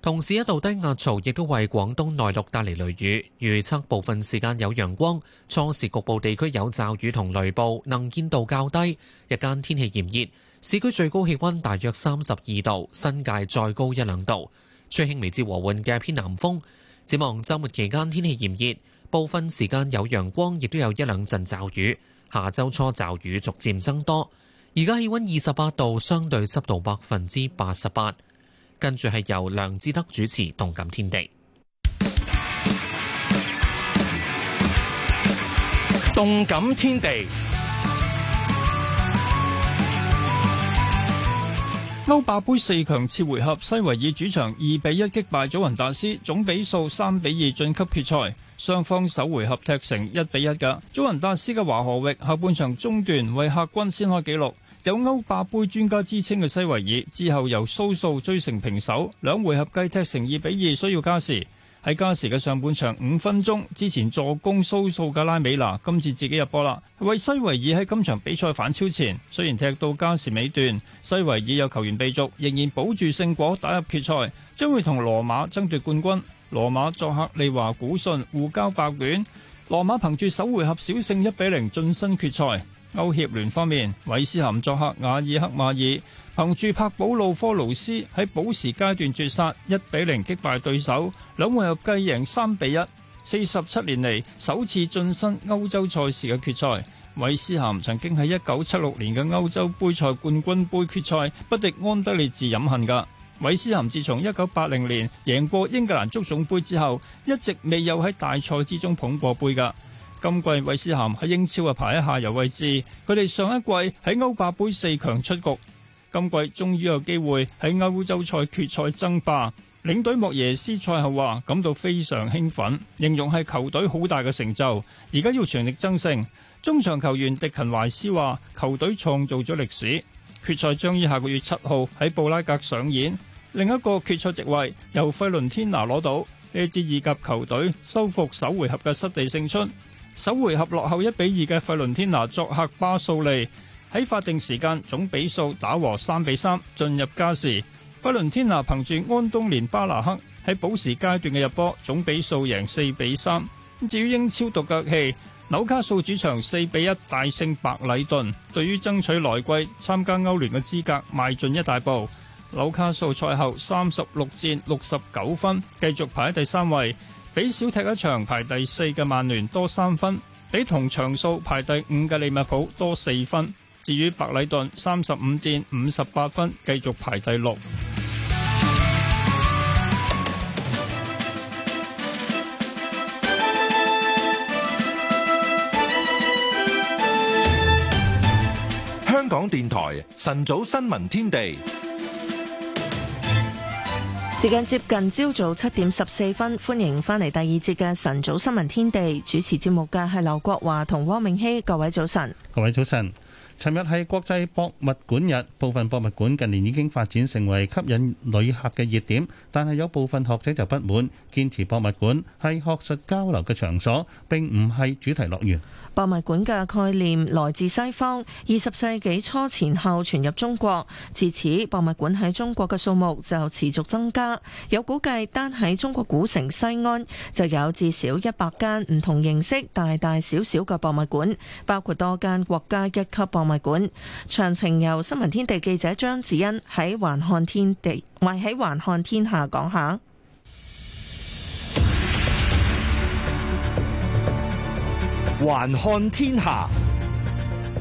S13: 同時，一道低壓槽亦都為廣東內陸帶嚟雷雨，預測部分時間有陽光，初時局部地區有驟雨同雷暴，能見度較低。日間天氣炎熱，市區最高氣温大約三十二度，新界再高一兩度。吹輕微至和緩嘅偏南風。展望週末期間天氣炎熱，部分時間有陽光，亦都有一兩陣驟雨。下周初驟雨逐漸增多。而家氣温二十八度，相對濕度百分之八十八。跟住係由梁志德主持《動感天地》，《動感天地》
S9: 歐霸杯四強次回合，西維爾主場二比一擊敗祖雲達斯，總比數三比二晉級決賽。雙方首回合踢成一比一嘅，祖雲達斯嘅華河域下半場中段為客軍先開紀錄。有歐霸杯專家之稱嘅西維爾，之後由蘇素追成平手，兩回合計踢成二比二，需要加時。喺加時嘅上半場五分鐘之前助攻蘇素嘅拉美拿，今次自己入波啦，係為西維爾喺今場比賽反超前。雖然踢到加時尾段，西維爾有球員被逐，仍然保住勝果，打入決賽，將會同羅馬爭奪冠軍。羅馬作客利華古遜互交白卷，羅馬憑住首回合小勝一比零晉身決賽。歐協聯方面，韋斯咸作客阿爾克馬爾，憑住柏保路科盧斯喺補時階段絕殺，一比零擊敗對手，兩回合計贏三比一，四十七年嚟，首次晉身歐洲賽事嘅決賽。韋斯咸曾經喺一九七六年嘅歐洲杯賽冠軍杯決賽不敵安德烈治飲恨噶。韋斯咸自從一九八零年贏過英格蘭足總杯之後，一直未有喺大賽之中捧過杯噶。今季，韋斯咸喺英超啊排喺下游位置。佢哋上一季喺歐霸盃四強出局，今季終於有機會喺歐洲賽決賽爭霸。領隊莫耶斯賽後話感到非常興奮，形容係球隊好大嘅成就。而家要全力爭勝。中場球員迪勤懷斯話：球隊創造咗歷史。決賽將於下個月七號喺布拉格上演。另一個決賽席位由費倫天拿攞到，呢支意甲球隊收復首回合嘅失地勝，勝出。首回合落後一比二嘅費倫天拿作客巴素利，喺法定時間總比數打和三比三，進入加時。費倫天拿憑住安東連巴拿克喺補時階段嘅入波，總比數贏四比三。至於英超獨腳戲紐卡素主場四比一大勝白禮頓，對於爭取來季參加歐聯嘅資格邁進一大步。紐卡素賽後三十六戰六十九分，繼續排喺第三位。比小踢一場排第四嘅曼聯多三分，比同場數排第五嘅利物浦多四分。至於白禮頓三十五戰五十八分，繼續排第六。
S1: 香港電台晨早新聞天地。
S3: 時間接近朝早七點十四分，歡迎翻嚟第二節嘅晨早新聞天地。主持節目嘅係劉國華同汪明熙。各位早晨。
S4: 各位早晨。尋日係國際博物館日，部分博物館近年已經發展成為吸引旅客嘅熱點，但係有部分學者就不滿，堅持博物館係學術交流嘅場所，並唔係主題樂園。
S3: 博物館嘅概念來自西方，二十世紀初前後傳入中國。自此，博物館喺中國嘅數目就持續增加。有估計單喺中國古城西安就有至少一百間唔同形式、大大小小嘅博物館，包括多間國家一級博物館。詳情由新聞天地記者張子欣喺環看天地、或喺環看天下講下。
S6: 環看天下，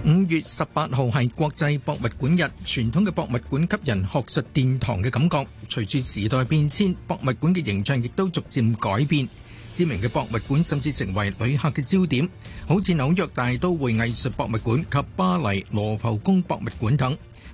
S6: 五月十八號係國際博物館日，傳統嘅博物館給人學術殿堂嘅感覺。隨住時代變遷，博物館嘅形象亦都逐漸改變，知名嘅博物館甚至成為旅客嘅焦點，好似紐約大都會藝術博物館及巴黎羅浮宮博物館等。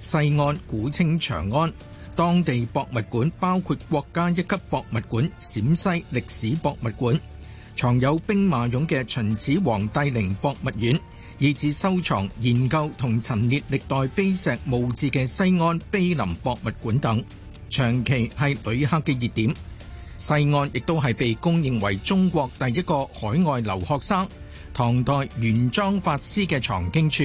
S6: 西安古稱長安，當地博物館包括國家一級博物館陝西歷史博物館，藏有兵馬俑嘅秦始皇帝陵博物院，以至收藏研究同陳列歷代碑石墓誌嘅西安碑林博物館等，長期係旅客嘅熱點。西安亦都係被公認為中國第一個海外留學生，唐代玄奘法師嘅藏經處。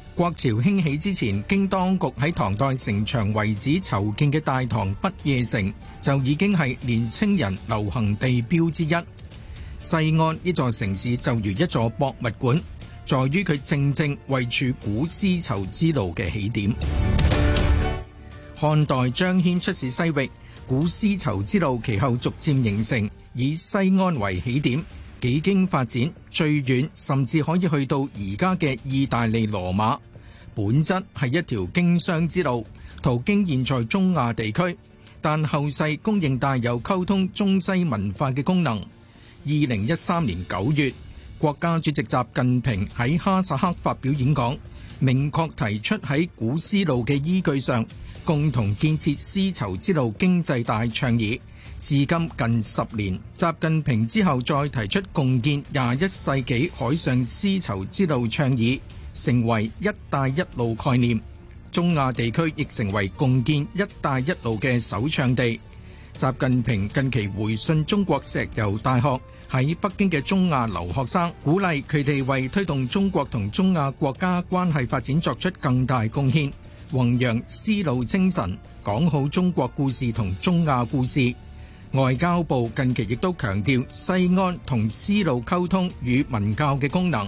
S6: 國潮興起之前，經當局喺唐代城牆遺址籌建嘅大唐不夜城就已經係年青人流行地標之一。西安呢座城市就如一座博物館，在於佢正正位處古絲綢之路嘅起點。漢代張騫出使西域，古絲綢之路其後逐漸形成，以西安為起點，幾經發展最遠，最遠甚至可以去到而家嘅意大利羅馬。本質係一條經商之路，途經現在中亞地區，但後世公認帶有溝通中西文化嘅功能。二零一三年九月，國家主席習近平喺哈薩克發表演講，明確提出喺古絲路嘅依據上，共同建設絲綢之路經濟帶倡議。至今近十年，習近平之後再提出共建廿一世紀海上絲綢之路倡議。成為一帶一路概念，中亞地區亦成為共建一帶一路嘅首倡地。習近平近期回信中國石油大學喺北京嘅中亞留學生，鼓勵佢哋為推動中國同中亞國家關係發展作出更大貢獻，弘揚絲路精神，講好中國故事同中亞故事。外交部近期亦都強調西安同絲路溝通與文教嘅功能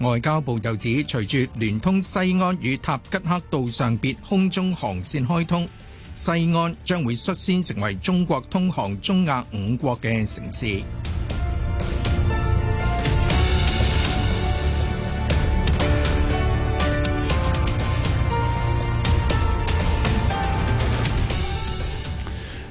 S6: 外交部又指，隨住聯通西安與塔吉克杜尚別空中航線開通，西安將會率先成為中國通航中亞五國嘅城市。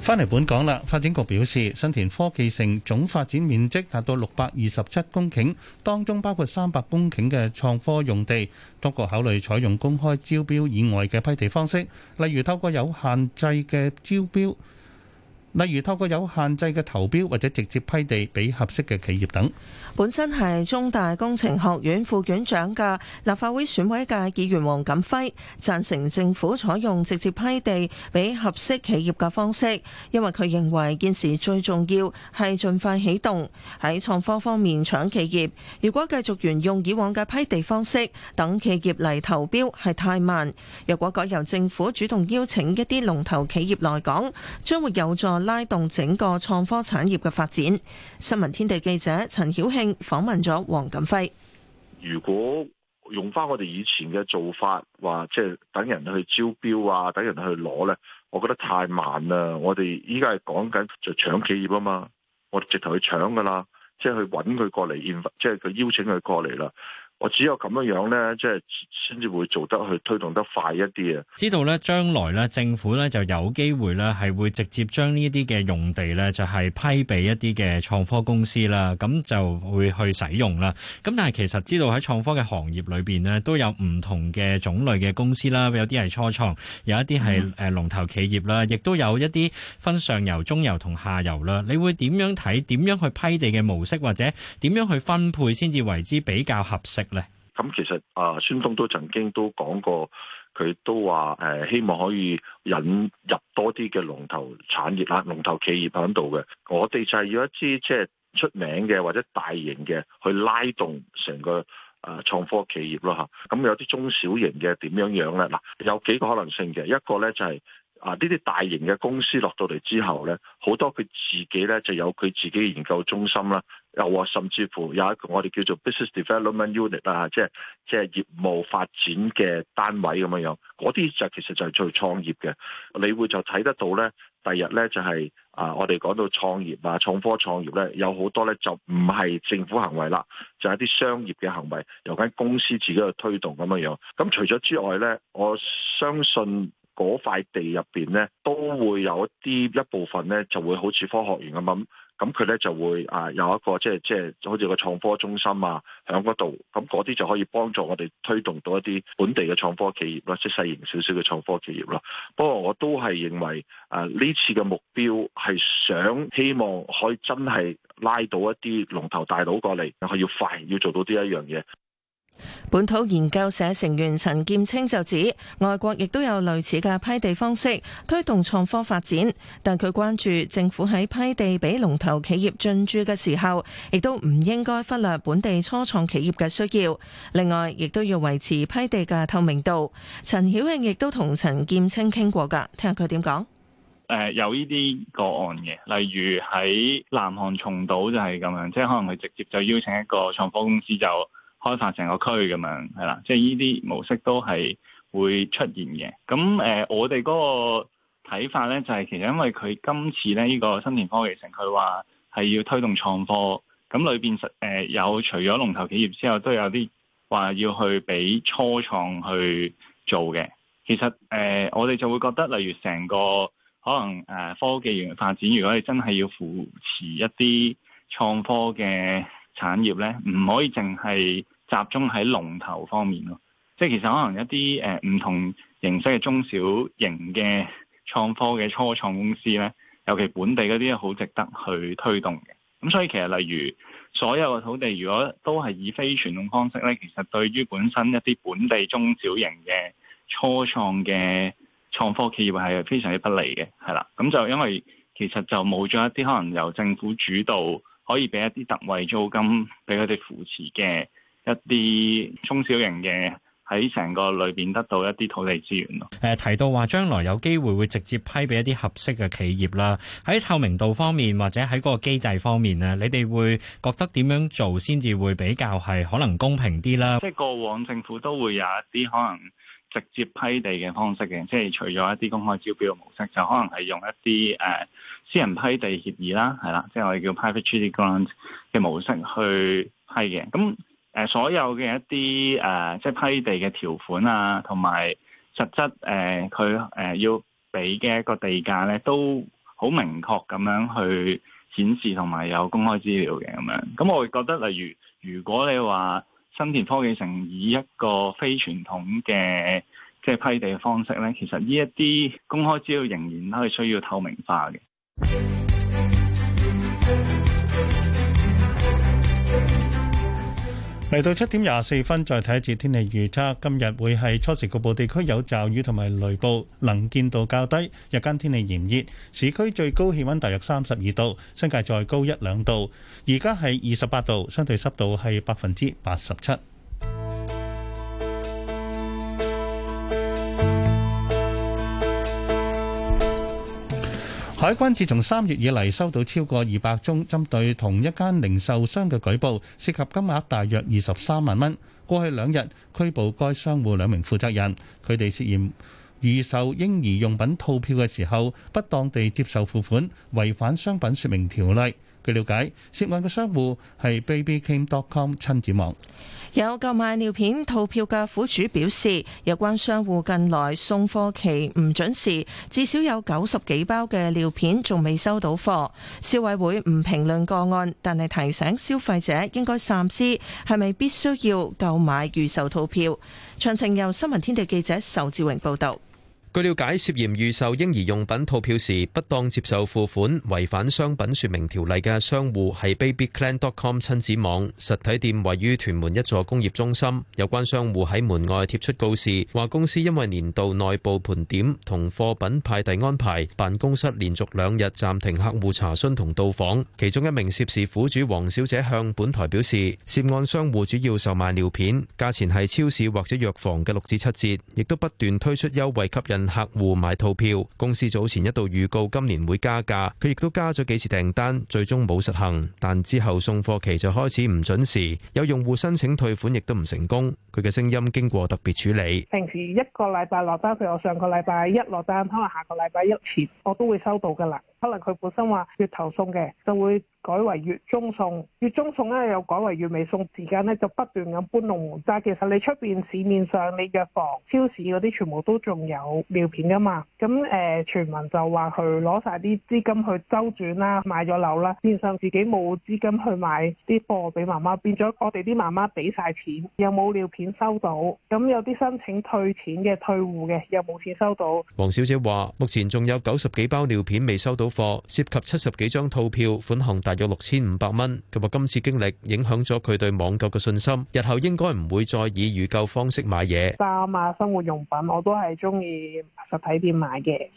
S4: 翻嚟本港啦，發展局表示，新田科技城總發展面積達到六百二十七公頃，當中包括三百公頃嘅創科用地，多國考慮採用公開招標以外嘅批地方式，例如透過有限制嘅招標，例如透過有限制嘅投標或者直接批地俾合適嘅企業等。
S3: 本身係中大工程學院副院長嘅立法會選委界議員黃錦輝贊成政府採用直接批地俾合適企業嘅方式，因為，佢認為件事最重要係盡快啟動，喺創科方面搶企業，如果繼續沿用以往嘅批地方式，等企業嚟投標係太慢。若果改由政府主動邀請一啲龍頭企業來港，將會有助拉動整個創科產業嘅發展。新聞天地記者陳曉慶。訪問咗黃錦輝，
S16: 如果用翻我哋以前嘅做法，話即係等人去招標啊，等人去攞咧，我覺得太慢啦。我哋依家係講緊就搶企業啊嘛，我哋直頭去搶噶啦，即係去搵佢過嚟現，即係佢邀請佢過嚟啦。我只有咁樣樣呢，即係先至會做得去推動得快一啲啊！
S17: 知道呢，將來呢，政府呢就有機會呢係會直接將呢啲嘅用地呢就係批俾一啲嘅創科公司啦，咁就會去使用啦。咁但係其實知道喺創科嘅行業裏邊呢，都有唔同嘅種類嘅公司啦，有啲係初創，有一啲係誒龍頭企業啦，亦都有一啲分上游、中游同下游啦。你會點樣睇？點樣去批地嘅模式或者點樣去分配先至為之比較合適？
S16: 咁來其實啊，孫東都曾經都講過，佢都話誒、呃，希望可以引入多啲嘅龍頭產業啦，龍頭企業喺度嘅，我哋就係要一支即係、就是、出名嘅或者大型嘅去拉動成個誒創、呃、科企業咯吓，咁、啊、有啲中小型嘅點樣樣咧？嗱、啊，有幾個可能性嘅，一個咧就係、是。啊！呢啲大型嘅公司落到嚟之後咧，好多佢自己咧就有佢自己嘅研究中心啦，又話甚至乎有一個我哋叫做 business development unit 啊，即係即係業務發展嘅單位咁樣樣嗰啲就其實就係做創業嘅。你會就睇得到咧，第二日咧就係、是、啊，我哋講到創業啊，創科創業咧，有好多咧就唔係政府行為啦，就係、是、啲商業嘅行為，由間公司自己去推動咁樣樣。咁除咗之外咧，我相信。嗰塊地入面咧，都會有一啲一部分咧，就會好似科學園咁樣，咁佢咧就會啊有一個即係即係好似個創科中心啊，喺嗰度，咁嗰啲就可以幫助我哋推動到一啲本地嘅創科企業啦，即係細型少少嘅創科企業啦。不過我都係認為，誒、啊、呢次嘅目標係想希望可以真係拉到一啲龍頭大佬過嚟，然後要快要做到呢一樣嘢。
S3: 本土研究社成員陳劍青就指，外國亦都有類似嘅批地方式推動創科發展，但佢關注政府喺批地俾龍頭企業進駐嘅時候，亦都唔應該忽略本地初創企業嘅需要。另外，亦都要維持批地嘅透明度。陳曉慶亦都同陳劍青傾過噶，聽下佢點講。
S18: 誒，有呢啲個案嘅，例如喺南韓松島就係咁樣，即係可能佢直接就邀請一個創科公司就。開發成個區咁樣係啦，即係呢啲模式都係會出現嘅。咁誒、呃，我哋嗰個睇法呢，就係、是、其實因為佢今次呢依、這個新田科技城，佢話係要推動創科，咁裏邊實誒有除咗龍頭企業之後，都有啲話要去俾初創去做嘅。其實誒、呃，我哋就會覺得，例如成個可能誒、呃、科技園發展，如果你真係要扶持一啲創科嘅產業呢，唔可以淨係。集中喺龍頭方面咯，即係其實可能一啲誒唔同形式嘅中小型嘅創科嘅初創公司咧，尤其本地嗰啲好值得去推動嘅。咁所以其實例如所有嘅土地如果都係以非傳統方式咧，其實對於本身一啲本地中小型嘅初創嘅創科企業係非常之不利嘅，係啦。咁就因為其實就冇咗一啲可能由政府主導可以俾一啲特惠租金俾佢哋扶持嘅。一啲中小型嘅喺成個裏邊得到一啲土地資源咯。
S17: 誒提到話將來有機會會直接批俾一啲合適嘅企業啦。喺透明度方面或者喺嗰個機制方面咧，你哋會覺得點樣做先至會比較係可能公平啲啦，即
S18: 係過往政府都會有一啲可能直接批地嘅方式嘅，即係除咗一啲公開招標嘅模式，就可能係用一啲誒私人批地協議啦，係啦，即係我哋叫 private treaty grants 嘅模式去批嘅。咁誒所有嘅一啲誒即係批地嘅條款啊，同埋實質誒佢誒要俾嘅一個地價咧，都好明確咁樣去顯示同埋有公開資料嘅咁樣。咁我會覺得，例如如果你話新田科技城以一個非傳統嘅即係批地嘅方式咧，其實呢一啲公開資料仍然都係需要透明化嘅。
S4: 嚟到七點廿四分，再睇一次天氣預測。今日會係初時局部地區有驟雨同埋雷暴，能見度較低。日間天氣炎熱，市區最高氣溫大約三十二度，新界再高一兩度。而家係二十八度，相對濕度係百分之八十七。海關自從三月以嚟收到超過二百宗針對同一間零售商嘅舉報，涉及金額大約二十三萬蚊。過去兩日拘捕該商戶兩名負責人，佢哋涉嫌預售嬰兒用品套票嘅時候，不當地接受付款，違反商品說明條例。據了解，涉案嘅商戶係 babycame.com 親子網。
S3: 有購買尿片套票嘅苦主表示，有關商戶近來送貨期唔準時，至少有九十幾包嘅尿片仲未收到貨。消委會唔評論個案，但係提醒消費者應該三思，係咪必須要購買預售套票。詳情由新聞天地記者仇志榮報導。
S11: 據了解，涉嫌預售嬰兒用品套票時，不當接受付款，違反商品說明條例嘅商戶係 babyclean.com 親子網實體店，位於屯門一座工業中心。有關商戶喺門外貼出告示，話公司因為年度內部盤點同貨品派遞安排，辦公室連續兩日暫停客戶查詢同到訪。其中一名涉事苦主黃小姐向本台表示，涉案商戶主要售賣尿片，價錢係超市或者藥房嘅六至七折，亦都不斷推出優惠吸引。客戶買套票，公司早前一度預告今年會加價，佢亦都加咗幾次訂單，最終冇實行。但之後送貨期就開始唔準時，有用戶申請退款亦都唔成功。佢嘅聲音經過特別處理。
S19: 平時一個禮拜落單，譬如我上個禮拜一落單，可能下個禮拜一前我都會收到㗎喇。可能佢本身話月頭送嘅，就會改為月中送。月中送咧又改為月尾送，時間咧就不斷咁搬弄。但其實你出邊市面上你藥房、超市嗰啲全部都仲有尿片噶嘛？咁誒，傳、呃、聞就話佢攞晒啲資金去周轉啦，買咗樓啦，變相自己冇資金去買啲貨俾媽媽，變咗我哋啲媽媽俾晒錢又冇尿片收到，咁有啲申請退錢嘅退戶嘅又冇錢收到。
S11: 黃小姐話：目前仲有九十幾包尿片未收到。貨涉及七十幾張套票，款項大約六千五百蚊。佢話今次經歷影響咗佢對網購嘅信心，日後應該唔會再以預購方式買嘢。
S19: 衫啊，生活用品我都係中意實體店買嘅。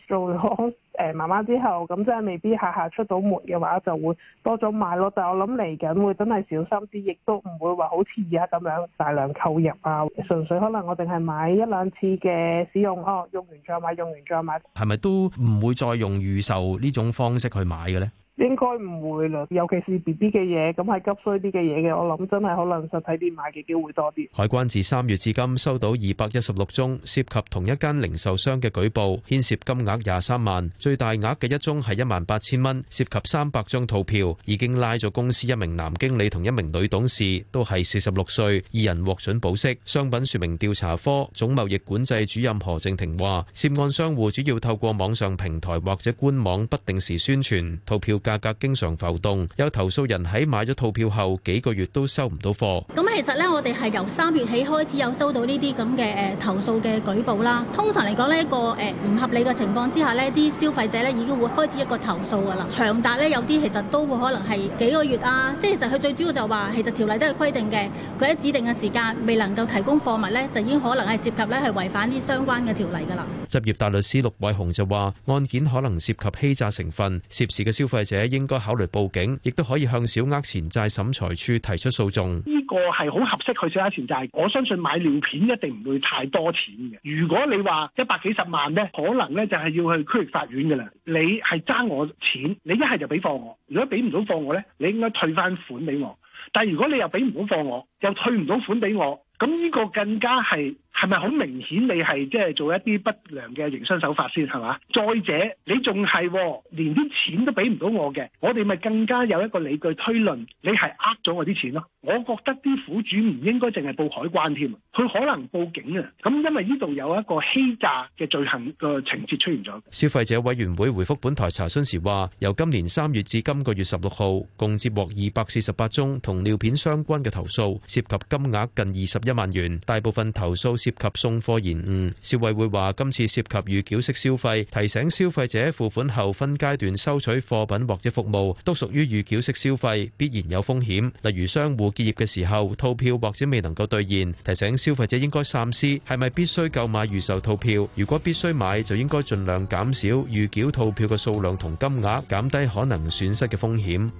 S19: 誒慢慢之後，咁真係未必下下出到門嘅話，就會多咗買咯。但係我諗嚟緊會真係小心啲，亦都唔會話好似而家咁樣大量購入啊。純粹可能我淨係買一兩次嘅使用，哦，用完再買，用完再買。
S11: 係咪都唔會再用預售呢種方式去買嘅咧？
S19: 應該唔會啦，尤其是 B B 嘅嘢，咁係急需啲嘅嘢嘅。我諗真係可能實體店買嘅機會多啲。
S11: 海關自三月至今收到二百一十六宗涉及同一間零售商嘅舉報，牽涉金額廿三萬，最大額嘅一宗係一萬八千蚊，涉及三百張套票，已經拉咗公司一名男經理同一名女董事，都係四十六歲，二人獲准保釋。商品說明調查科總貿易管制主任何正廷話，涉案商戶主要透過網上平台或者官網不定時宣傳套票。價格經常浮動，有投訴人喺買咗套票後幾個月都收唔
S8: 到貨。咁其實呢，我哋係由三月起開始有收到呢啲咁嘅誒，投訴嘅舉報啦。通常嚟講呢，一個誒，唔合理嘅情況之下呢，啲消費者呢已經會開始一個投訴噶啦。長達呢，有啲其實都會可能係幾個月啊，即係其實佢最主要就話，其實條例都係規定嘅，佢喺指定嘅時間未能夠提供貨物呢，就已經可能係涉及呢係違反啲相關嘅條例噶啦。
S11: 執業大律師陸偉雄就話，案件可能涉及欺詐成分，涉事嘅消費者。嘅應該考慮報警，亦都可以向小額錢債審裁處提出訴訟。
S20: 呢個係好合適去小額錢債。我相信買尿片一定唔會太多錢嘅。如果你話一百幾十萬呢，可能呢就係要去區域法院嘅啦。你係爭我錢，你一係就俾貨我。如果俾唔到貨我呢，你應該退翻款俾我。但係如果你又俾唔到貨我，又退唔到款俾我，咁呢個更加係。係咪好明顯？你係即係做一啲不良嘅營商手法先係嘛？再者，你仲係，哦、連啲錢都俾唔到我嘅，我哋咪更加有一個理據推論，你係呃咗我啲錢咯。我覺得啲苦主唔應該淨係報海關添，佢可能報警啊。咁因為呢度有一個欺詐嘅罪行嘅，呃、情節出現咗。
S11: 消費者委員會回覆本台查詢時話：由今年三月至今個月十六號，共接獲二百四十八宗同尿片相關嘅投訴，涉及金額近二十一萬元，大部分投訴涉及送貨延誤，消委會話今次涉及預繳式消費，提醒消費者付款後分階段收取貨品或者服務，都屬於預繳式消費，必然有風險。例如商戶結業嘅時候，套票或者未能夠兌現，提醒消費者應該三思，係咪必須購買預售套票？如果必須買，就應該盡量減少預繳套票嘅數量同金額，減低可能損失嘅風險。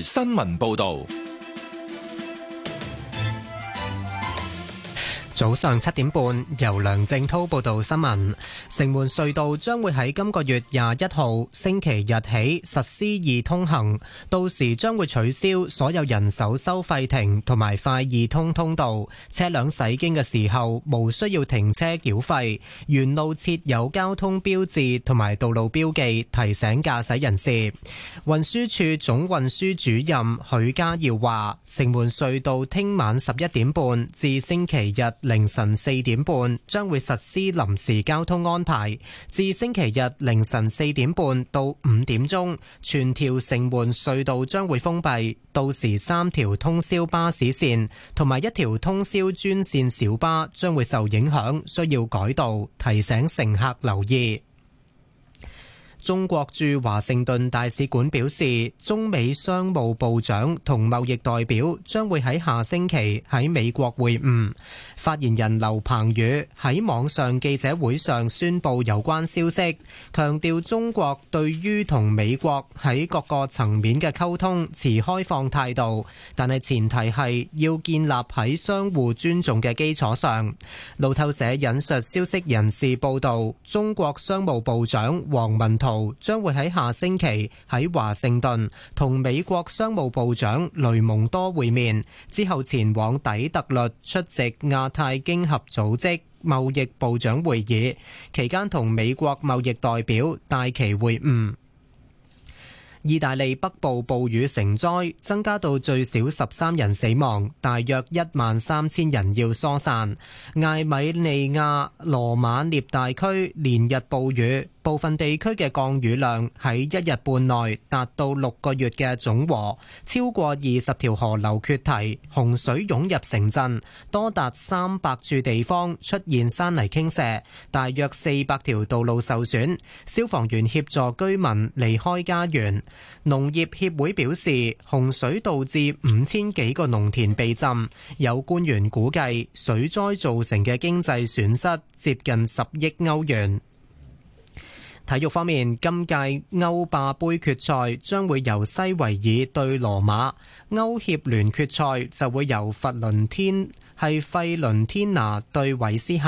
S1: 新聞報道。
S2: 早上七點半，由梁正濤報道新聞。城門隧道將會喺今個月廿一號星期日起實施易通行，到時將會取消所有人手收費亭同埋快易通通道，車輛駛經嘅時候無需要停車繳費。沿路設有交通標誌同埋道路標記，提醒駕駛人士。運輸署總運輸主任許家耀話，城門隧道聽晚十一點半至星期日。凌晨四點半將會實施臨時交通安排，至星期日凌晨四點半到五點鐘，全條城門隧道將會封閉。到時三條通宵巴士綫同埋一條通宵專綫小巴將會受影響，需要改道，提醒乘客留意。中國駐華盛頓大使館表示，中美商務部長同貿易代表將會喺下星期喺美國會晤。發言人劉鵬宇喺網上記者會上宣布有關消息，強調中國對於同美國喺各個層面嘅溝通持開放態度，但係前提係要建立喺相互尊重嘅基礎上。路透社引述消息人士報道，中國商務部長王文濤，將會喺下星期喺華盛頓同美國商務部長雷蒙多會面，之後前往底特律出席亞太經合組織貿易部長會議，期間同美國貿易代表戴琪會晤。意大利北部暴雨成災，增加到最少十三人死亡，大約一萬三千人要疏散。艾米利亞羅馬涅大區連日暴雨。部分地區嘅降雨量喺一日半內達到六個月嘅總和，超過二十條河流決堤，洪水湧入城鎮，多達三百處地方出現山泥傾瀉，大約四百條道路受損，消防員協助居民離開家園，農業協會表示，洪水導致五千幾個農田被浸，有官員估計水災造成嘅經濟損失接近十億歐元。體育方面，今屆歐霸杯決賽將會由西維爾對羅馬，歐協聯決賽就會由佛倫天，係費倫天拿對韋斯咸。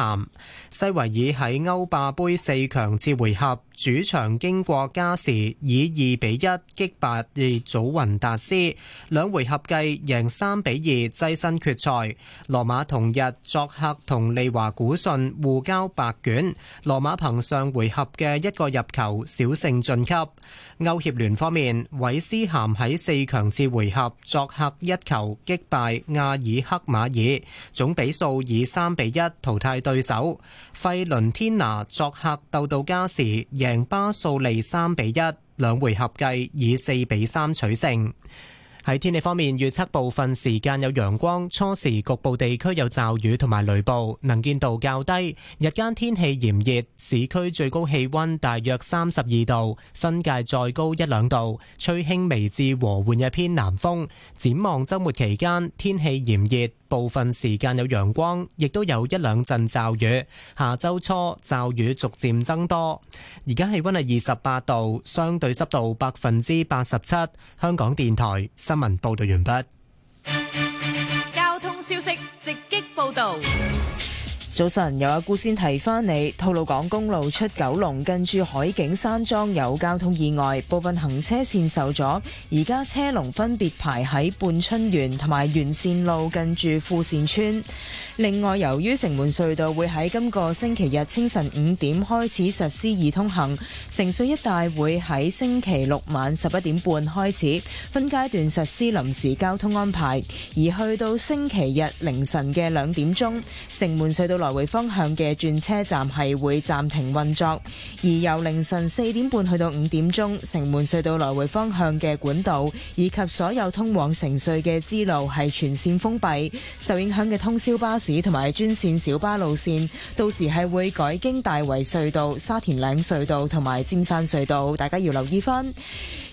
S2: 西維爾喺歐霸杯四強次回合，主場經過加時，以二比一擊敗祖雲達斯，兩回合計贏三比二，躋身決賽。羅馬同日作客同利華古遜互交白卷。羅馬憑上回合嘅一個入球小勝晉級。歐協聯方面，韋斯咸喺四強次回合作客一球擊敗亞爾克馬爾，總比數以三比一淘汰對手。費倫天拿作客鬥到加時。贏巴素利三比一，兩回合計以四比三取勝。喺天氣方面，預測部分時間有陽光，初時局部地區有驟雨同埋雷暴，能見度較低。日間天氣炎熱，市區最高氣温大約三十二度，新界再高一兩度，吹輕微至和緩嘅偏南風。展望周末期間，天氣炎熱。部分時間有陽光，亦都有一兩陣驟雨。下周初驟雨逐漸增多。而家氣溫係二十八度，相對濕度百分之八十七。香港電台新聞報道完畢。
S14: 交通消息直擊報道。
S15: 早晨，有阿姑先提翻你，吐露港公路出九龍近住海景山莊有交通意外，部分行車線受阻，而家車龍分別排喺半春園同埋元線路近住富善村。另外，由於城門隧道會喺今個星期日清晨五點開始實施易通行，城隧一帶會喺星期六晚十一點半開始分階段實施臨時交通安排，而去到星期日凌晨嘅兩點鐘，城門隧道，來回方向嘅轉車站係會暫停運作，而由凌晨四點半去到五點鐘，城門隧道來回方向嘅管道以及所有通往城隧嘅支路係全線封閉。受影響嘅通宵巴士同埋專線小巴路線，到時係會改經大圍隧道、沙田嶺隧道同埋尖山隧道，大家要留意翻。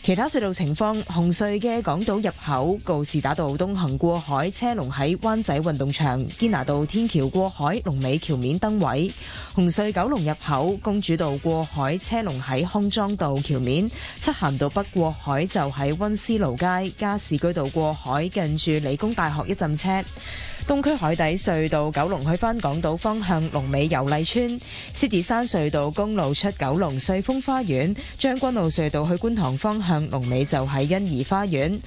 S15: 其他隧道情況：紅隧嘅港島入口告士打道東行過海車龍喺灣仔運動場，堅拿道天橋過海龍尾橋面燈位；紅隧九龍入口公主道過海車龍喺康莊道橋面，漆咸道北過海就喺溫思勞街加士居道過海近住理工大學一陣車。東區海底隧道九龍去返港島方向龍尾游麗村，獅子山隧道公路出九龍瑞豐花園，將軍澳隧道去觀塘方向，向龍尾就喺欣怡花園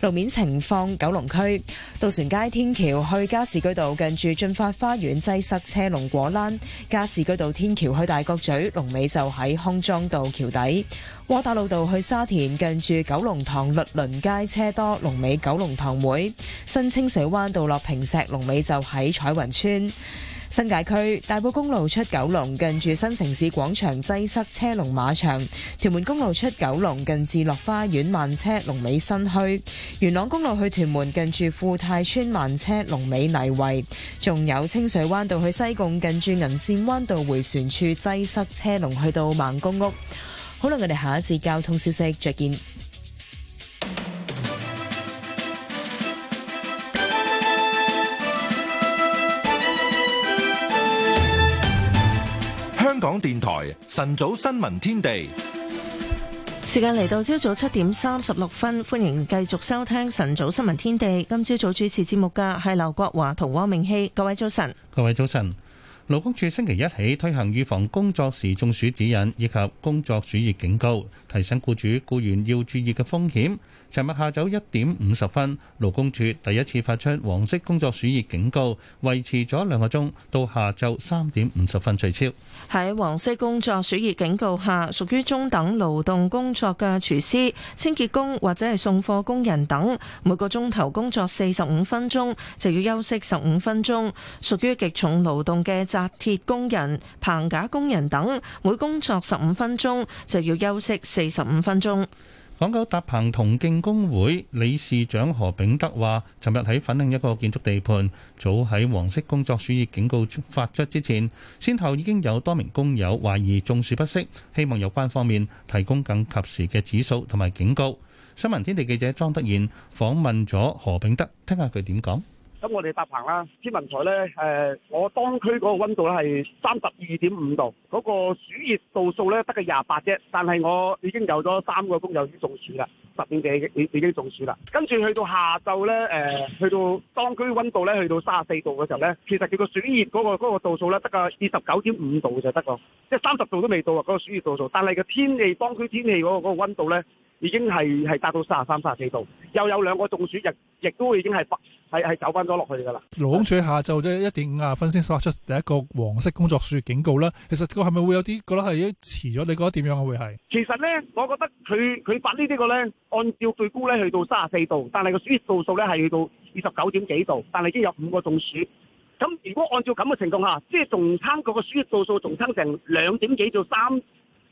S15: 路面情況，九龍區渡船街天橋去加士居道近住駿發花園擠塞車龍果欄，加士居道天橋去大角咀龍尾就喺康莊道橋底，窩打老道去沙田近住九龍塘律倫街車多，龍尾九龍塘會新清水灣道落坪石龍尾就喺彩雲村。新界區大埔公路出九龍近住新城市廣場擠塞車龍馬場，屯門公路出九龍近住置樂花園慢車龍尾新墟。元朗公路去屯門近住富泰村慢車龍尾泥圍，仲有清水灣道去西貢近住銀線灣道回旋處擠塞車龍去到孟公屋。好啦，我哋下一節交通消息再見。
S1: 香港電台晨早新聞天地，
S3: 時間嚟到朝早七點三十六分，歡迎繼續收聽晨早新聞天地。今朝早主持節目嘅係劉國華同汪明熙，各位早晨，
S4: 各位早晨。勞工處星期一起推行預防工作時中暑指引以及工作暑熱警告，提醒僱主僱員要注意嘅風險。尋日下晝一點五十分，勞工處第一次發出黃色工作暑熱警告，維持咗兩個鐘，到下晝三點五十分取消。
S3: 喺黃色工作暑熱警告下，屬於中等勞動工作嘅廚師、清潔工或者係送貨工人等，每個鐘頭工作四十五分鐘就要休息十五分鐘。屬於極重勞動嘅紮鐵工人、棚架工人等，每工作十五分鐘就要休息四十五分鐘。港九搭棚同業工會理事長何炳
S4: 德話，尋日喺粉嶺一個建築地盤，早喺黃色工作暑熱警告發出之前，先後已經有多名工友懷疑中暑不適，希望有關方面提供更及時嘅指數同埋警告。新聞天地記者莊德賢訪問咗何炳德，聽下佢點講。
S20: 咁我哋搭棚啦，天文台咧，誒，我當區嗰個温度咧係三十二點五度，嗰個暑熱度數咧得個廿八啫，但係我已經有咗三個工友已經中暑啦，十點幾已已經中暑啦。跟住去到下晝咧，誒，去到當區温度咧去到三十四度嘅時候咧，其實佢個暑熱嗰個嗰個度數咧得個二十九點五度就得個，即係三十度都未到啊！嗰個暑熱度數，但係個天氣當區天氣嗰個嗰個温度咧。已經係係達到三十三、三十四度，又有兩個中暑日，亦都已經係係係走翻咗落去㗎啦。
S9: 勞工處下晝即一點五十分先發出第一個黃色工作暑熱警告啦。其實個係咪會有啲覺得係遲咗？你覺得點樣會係？
S20: 其實咧，我覺得佢佢發呢啲個咧，按照最高咧去到三十四度，但係個暑熱度數咧係去到二十九點幾度，但係已經有五個中暑。咁如果按照咁嘅情況下，即係仲差個個暑熱度數仲差成兩點幾到三。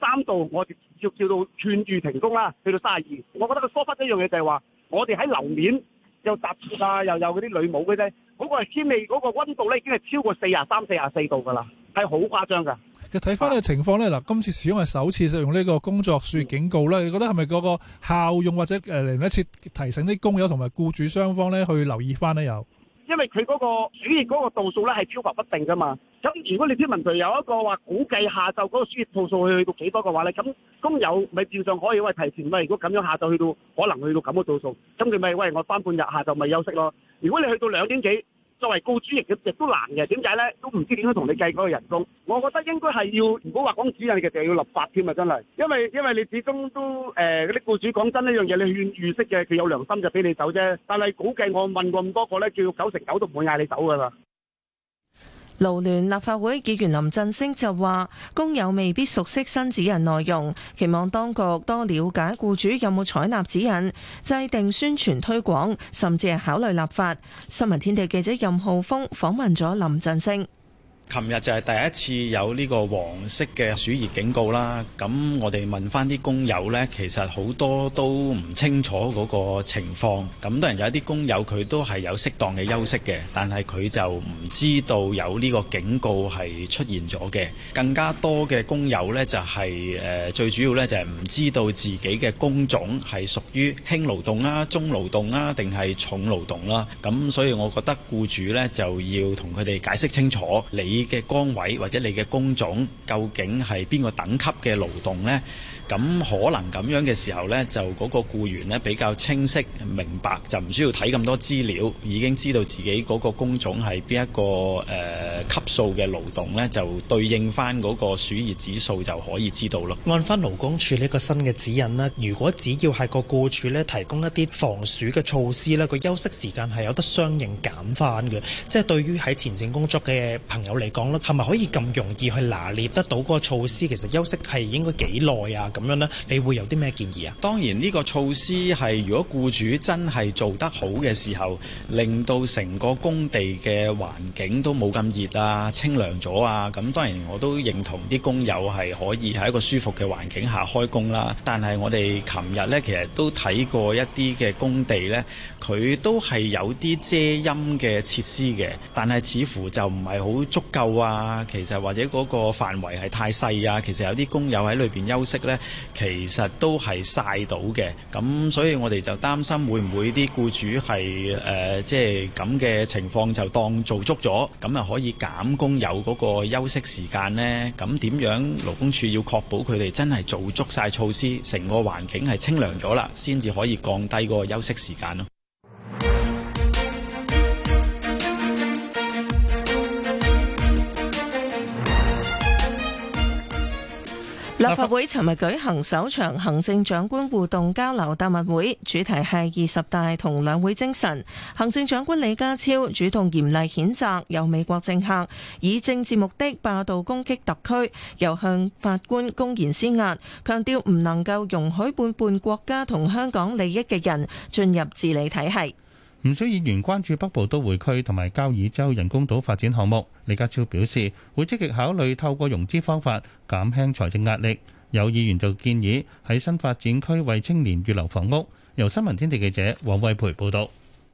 S20: 三度，我哋叫到串住停工啦，去到卅二。我覺得個疏忽一樣嘢就係話，我哋喺樓面又搭住啊，又有嗰啲女帽嗰啲，嗰個天氣嗰個溫度咧已經係超過四啊三、四啊四度噶啦，係好誇張嘅。
S9: 佢睇翻呢個情況咧，嗱，今次始終係首次就用呢個工作暑警告啦。你覺得係咪嗰個效用或者嚟另一次提醒啲工友同埋僱主雙方咧去留意翻咧又？
S20: 因為佢嗰個暑熱嗰個度數咧係漂浮不定㗎嘛，咁如果你天文台有一個話估計下晝嗰個暑熱度數去到幾多嘅話咧，咁咁有咪變相可以喂提前咪？如果咁樣下晝去到可能去到咁嘅度數，咁你咪喂我返半日下晝咪休息咯。如果你去到兩點幾。作為僱主亦亦都難嘅，點解咧？都唔知點樣同你計嗰個人工。我覺得應該係要，如果話講主任，其實要立法添啊！真係，因為因為你始終都誒嗰啲僱主講真呢樣嘢，你勸諭式嘅，佢有良心就俾你走啫。但係估計我問過咁多個咧，叫九成九都唔會嗌你走噶啦。
S3: 勞聯立法會議員林振昇就話：工友未必熟悉新指引內容，期望當局多了解僱主有冇採納指引，制定宣傳推廣，甚至係考慮立法。新聞天地記者任浩峰訪問咗林振昇。
S17: 琴日就係第一次有呢個黃色嘅暑熱警告啦，咁我哋問翻啲工友呢，其實好多都唔清楚嗰個情況。咁當然有一啲工友佢都係有適當嘅休息嘅，但係佢就唔知道有呢個警告係出現咗嘅。更加多嘅工友呢、就是，就係誒，最主要呢，就係唔知道自己嘅工種係屬於輕勞動啊、中勞動啊，定係重勞動啦、啊。咁所以我覺得僱主呢就要同佢哋解釋清楚，你，你嘅崗位或者你嘅工種究竟係邊個等級嘅勞動咧？咁可能咁樣嘅時候咧，就嗰個僱員咧比較清晰明白，就唔需要睇咁多資料，已經知道自己嗰個工種係邊一個誒。呃級數嘅勞動呢，就對應翻嗰個暑熱指數就可以知道啦。
S5: 按翻勞工處呢個新嘅指引咧，如果只要係個雇主呢提供一啲防暑嘅措施咧，個休息時間係有得相應減翻嘅。即係對於喺前線工作嘅朋友嚟講咧，係咪可以咁容易去拿捏得到嗰個措施？其實休息係應該幾耐啊？咁樣呢，
S17: 你會有啲咩建議啊？當然呢個措施係如果雇主真係做得好嘅時候，令到成個工地嘅環境都冇咁熱。啊，清涼咗啊！咁當然我都認同啲工友係可以喺一個舒服嘅環境下開工啦。但係我哋琴日咧，其實都睇過一啲嘅工地咧。佢都係有啲遮陰嘅設施嘅，但係似乎就唔係好足夠啊。其實或者嗰個範圍係太細啊。其實有啲工友喺裏邊休息呢，其實都係曬到嘅。咁所以我哋就擔心會唔會啲僱主係誒、呃、即係咁嘅情況就當做足咗咁，咁就可以減工友嗰個休息時間呢。咁點樣勞工處要確保佢哋真係做足晒措施，成個環境係清涼咗啦，先至可以降低嗰個休息時間咯。
S3: 立法會尋日舉行首場行政長官互動交流答問會，主題係二十大同兩會精神。行政長官李家超主動嚴厲譴責由美國政客以政治目的霸道攻擊特區，又向法官公然施壓，強調唔能夠容許背叛國家同香港利益嘅人進入治理體系。
S4: 唔少議員關注北部都會區同埋交椅洲人工島發展項目，李家超表示會積極考慮透過融資方法減輕財政壓力。有議員就建議喺新發展區為青年預留房屋。由新聞天地記者黃慧培報道。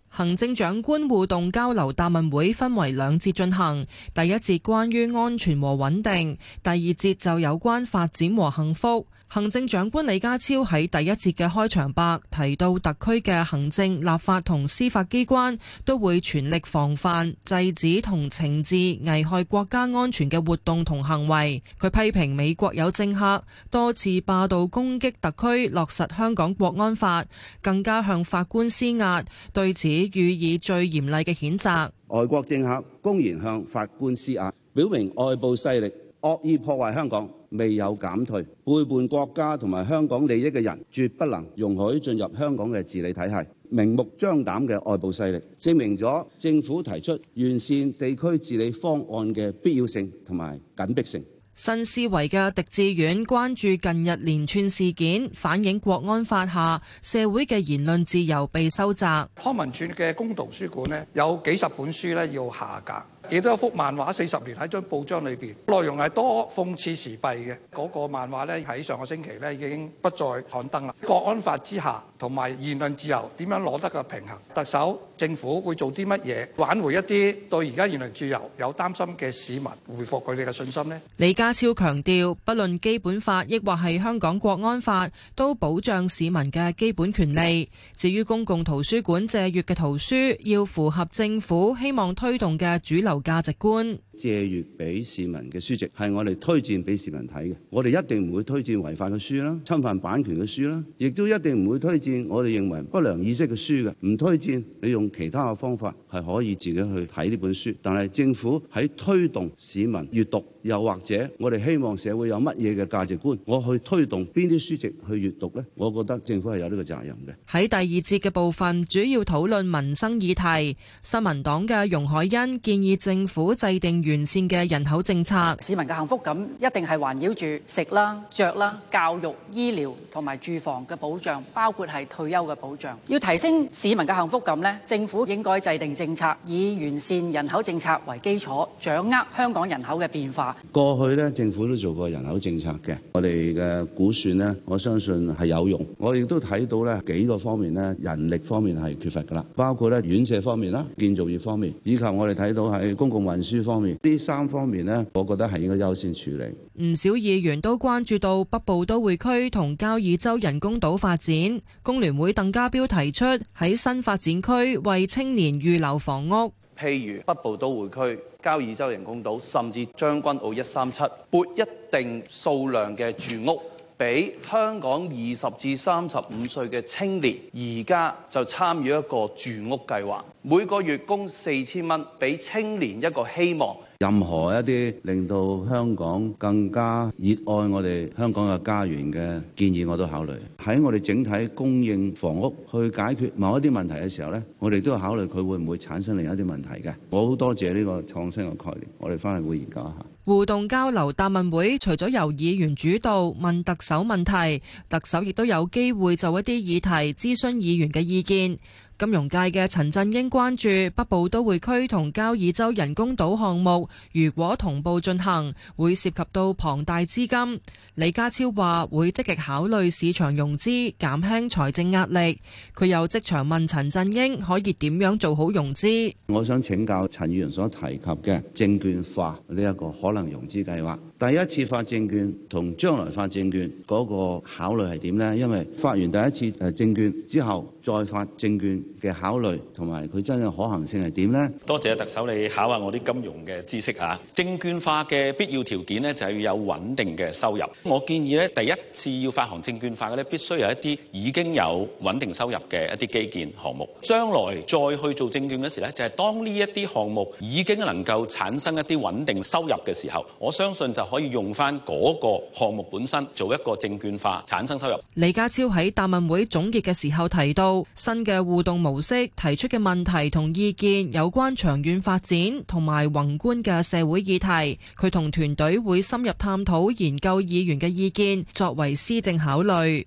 S14: 行政長官互動交流答問會分為兩節進行，第一節關於安全和穩定，第二節就有關發展和幸福。行政長官李家超喺第一節嘅開場白提到，特區嘅行政、立法同司法機關都會全力防範、制止同懲治危害國家安全嘅活動同行為。佢批評美國有政客多次霸道攻擊特區落實香港國安法，更加向法官施壓，對此予以最嚴厲嘅譴責。
S21: 外國政客公然向法官施壓，表明外部勢力惡意破壞香港。未有減退，背叛國家同埋香港利益嘅人絕不能容許進入香港嘅治理體系。明目張膽嘅外部勢力，證明咗政府提出完善地區治理方案嘅必要性同埋緊迫性。
S14: 新思維嘅狄志遠關注近日連串事件，反映國安法下社會嘅言論自由被收窄。康文署
S20: 嘅公共圖書館咧，有幾十本書咧要下架。亦都有一幅漫畫四十年喺張報章裏邊，內容係多諷刺時弊嘅。嗰個漫畫呢，喺上個星期呢已經不再刊登啦。國安法之下同埋言論自由點樣攞得個平衡？特首政府會做啲乜嘢挽回一啲對而家言論自由有擔心嘅市民回覆佢哋嘅信心呢？
S14: 李家超強調，不論基本法抑或係香港國安法，都保障市民嘅基本權利。至於公共圖書館借閲嘅圖書，要符合政府希望推動嘅主流價值觀。
S21: 借閱俾市民嘅書籍係我哋推薦俾市民睇嘅，我哋一定唔會推薦違法嘅書啦，侵犯版權嘅書啦，亦都一定唔會推薦我哋認為不良意識嘅書嘅，唔推薦你用其他嘅方法係可以自己去睇呢本書，但係政府喺推動市民閱讀，又或者我哋希望社會有乜嘢嘅價值觀，我去推動邊啲書籍去閱讀呢？我覺得政府係有呢個責任嘅。
S14: 喺第二節嘅部分，主要討論民生議題，新民黨嘅容海恩建議政府制定完善嘅人口
S8: 政策，市民嘅幸福感一定係環繞住食啦、着啦、教育、醫療同埋住房嘅保障，包括係退休嘅保障。要提升市民嘅幸福感咧，政府應該制定政策，以完善人口政策為基礎，掌握香港人口嘅變化。
S21: 過去咧，政府都做過人口政策嘅，我哋嘅估算咧，我相信係有用。我亦都睇到咧幾個方面咧，人力方面係缺乏噶啦，包括咧院舍方面啦、建造業方面，以及我哋睇到喺公共運輸方面。呢三方面呢，我覺得係應該優先處理。
S14: 唔少議員都關注到北部都會區同交椅洲人工島發展。工聯會鄧家彪提出喺新發展區為青年預留房屋，
S20: 譬如北部都會區、交椅洲人工島，甚至將軍澳一三七撥一定數量嘅住屋。俾香港
S9: 二十至三十五歲嘅青年，而家就參與一個住屋計劃，每個月供四千蚊，俾青年一個希望。
S21: 任何一啲令到香港更加熱愛我哋香港嘅家園嘅建議，我都考慮。喺我哋整體供應房屋去解決某一啲問題嘅時候呢，我哋都要考慮佢會唔會產生另一啲問題嘅。我好多謝呢個創新嘅概念，我哋翻嚟會研究一下。
S14: 互動交流答問會，除咗由議員主導問特首問題，特首亦都有機會就一啲議題諮詢議員嘅意見。金融界嘅陳振英關注北部都會區同交椅洲人工島項目，如果同步進行，會涉及到龐大資金。李家超話會積極考慮市場融資，減輕財政壓力。佢又即場問陳振英可以點樣做好融資？
S21: 我想請教陳議員所提及嘅證券化呢一個可能融資計劃。第一次發證券同將來發證券嗰個考慮係點咧？因為發完第一次誒證券之後再發證券嘅考慮同埋佢真係可行性係點咧？
S17: 多謝特首，你考下我啲金融嘅知識啊。證券化嘅必要條件咧，就係要有穩定嘅收入。我建議咧，第一次要發行證券化嘅咧，必須有一啲已經有穩定收入嘅一啲基建項目。將來再去做證券嗰時咧，就係當呢一啲項目已經能夠產生一啲穩定收入嘅時候，我相信就。可以用翻嗰個項目本身做一個證券化，產生收入。
S14: 李家超喺答問會總結嘅時候提到，新嘅互動模式提出嘅問題同意見有關長遠發展同埋宏觀嘅社會議題，佢同團隊會深入探討研究議員嘅意見，作為施政考慮。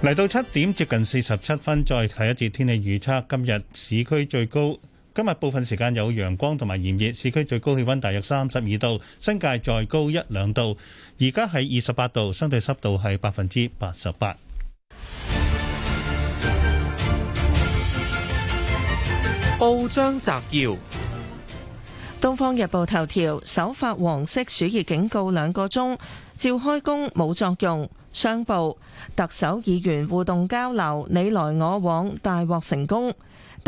S4: 嚟到七點接近四十七分，再睇一節天氣預測。今日市區最高。今日部分時間有陽光同埋炎熱，市區最高氣溫大約三十二度，新界再高一兩度。而家係二十八度，相對濕度係百分之八十八。
S13: 報章摘要：
S3: 《東方日報》頭條首發黃色暑熱警告兩個鐘，照開工冇作用。商報：特首議員互動交流，你來我往，大獲成功。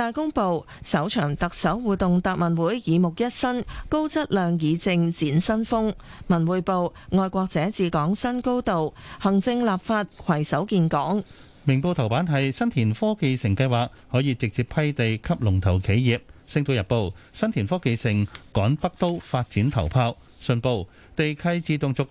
S3: 大公報首場特首互動答問會耳目一新，高質量以政展新風。文匯報愛國者治港新高度，行政立法攜手建港。明報
S4: 頭版係新田科技城計劃可以直接批地給龍頭企業。星島日報新田科技城趕北都發展頭炮。信報地契自動續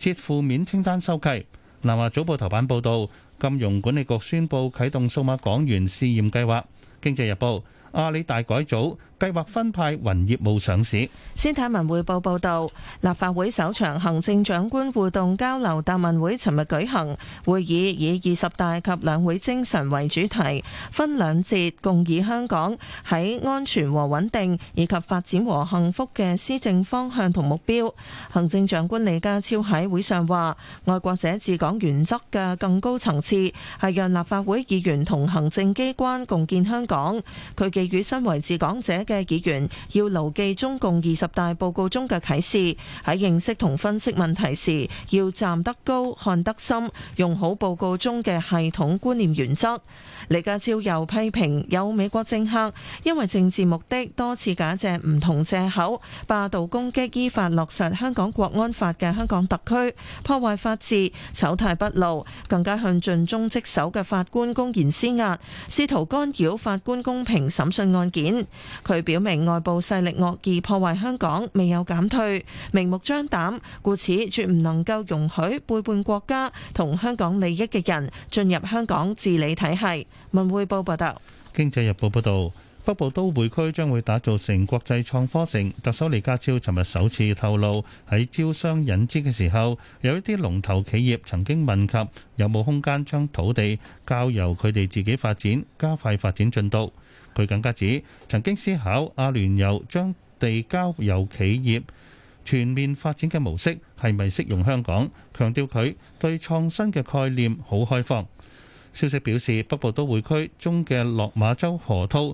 S4: 期設負面清單收契。南華早報頭版報道，金融管理局宣布啟動數碼港元試驗計劃。經濟日報阿里大改組，計劃分派雲業務上市。
S3: 《先睇文匯報》報導，立法會首場行政長官互動交流答問會，尋日舉行。會議以二十大及兩會精神為主題，分兩節，共議香港喺安全和穩定以及發展和幸福嘅施政方向同目標。行政長官李家超喺會上話，愛國者治港原則嘅更高層次係讓立法會議員同行政機關共建香港。佢寄語身為治港者嘅議員要牢記中共二十大報告中嘅啟示，喺認識同分析問題時要站得高、看得深，用好報告中嘅系統觀念原則。李家超又批評有美國政客因為政治目的多次假借唔同藉口，霸道攻擊依法落實香港國安法嘅香港特區，破壞法治、醜態畢露，更加向盡忠職守嘅法官公然施壓，試圖干擾法官公平審訊案件。佢。佢表明外部勢力惡意破壞香港，未有減退，明目張膽，故此絕唔能夠容許背叛國家同香港利益嘅人進入香港治理體系。文匯報報道，
S4: 《經濟日報》報道，北部都會區將會打造成國際創科城。特首李家超尋日首次透露，喺招商引資嘅時候，有一啲龍頭企業曾經問及有冇空間將土地交由佢哋自己發展，加快發展進度。佢更加指，曾經思考阿聯酋將地交由企業全面發展嘅模式係咪適用香港？強調佢對創新嘅概念好開放。消息表示，北部都會區中嘅落馬洲河套，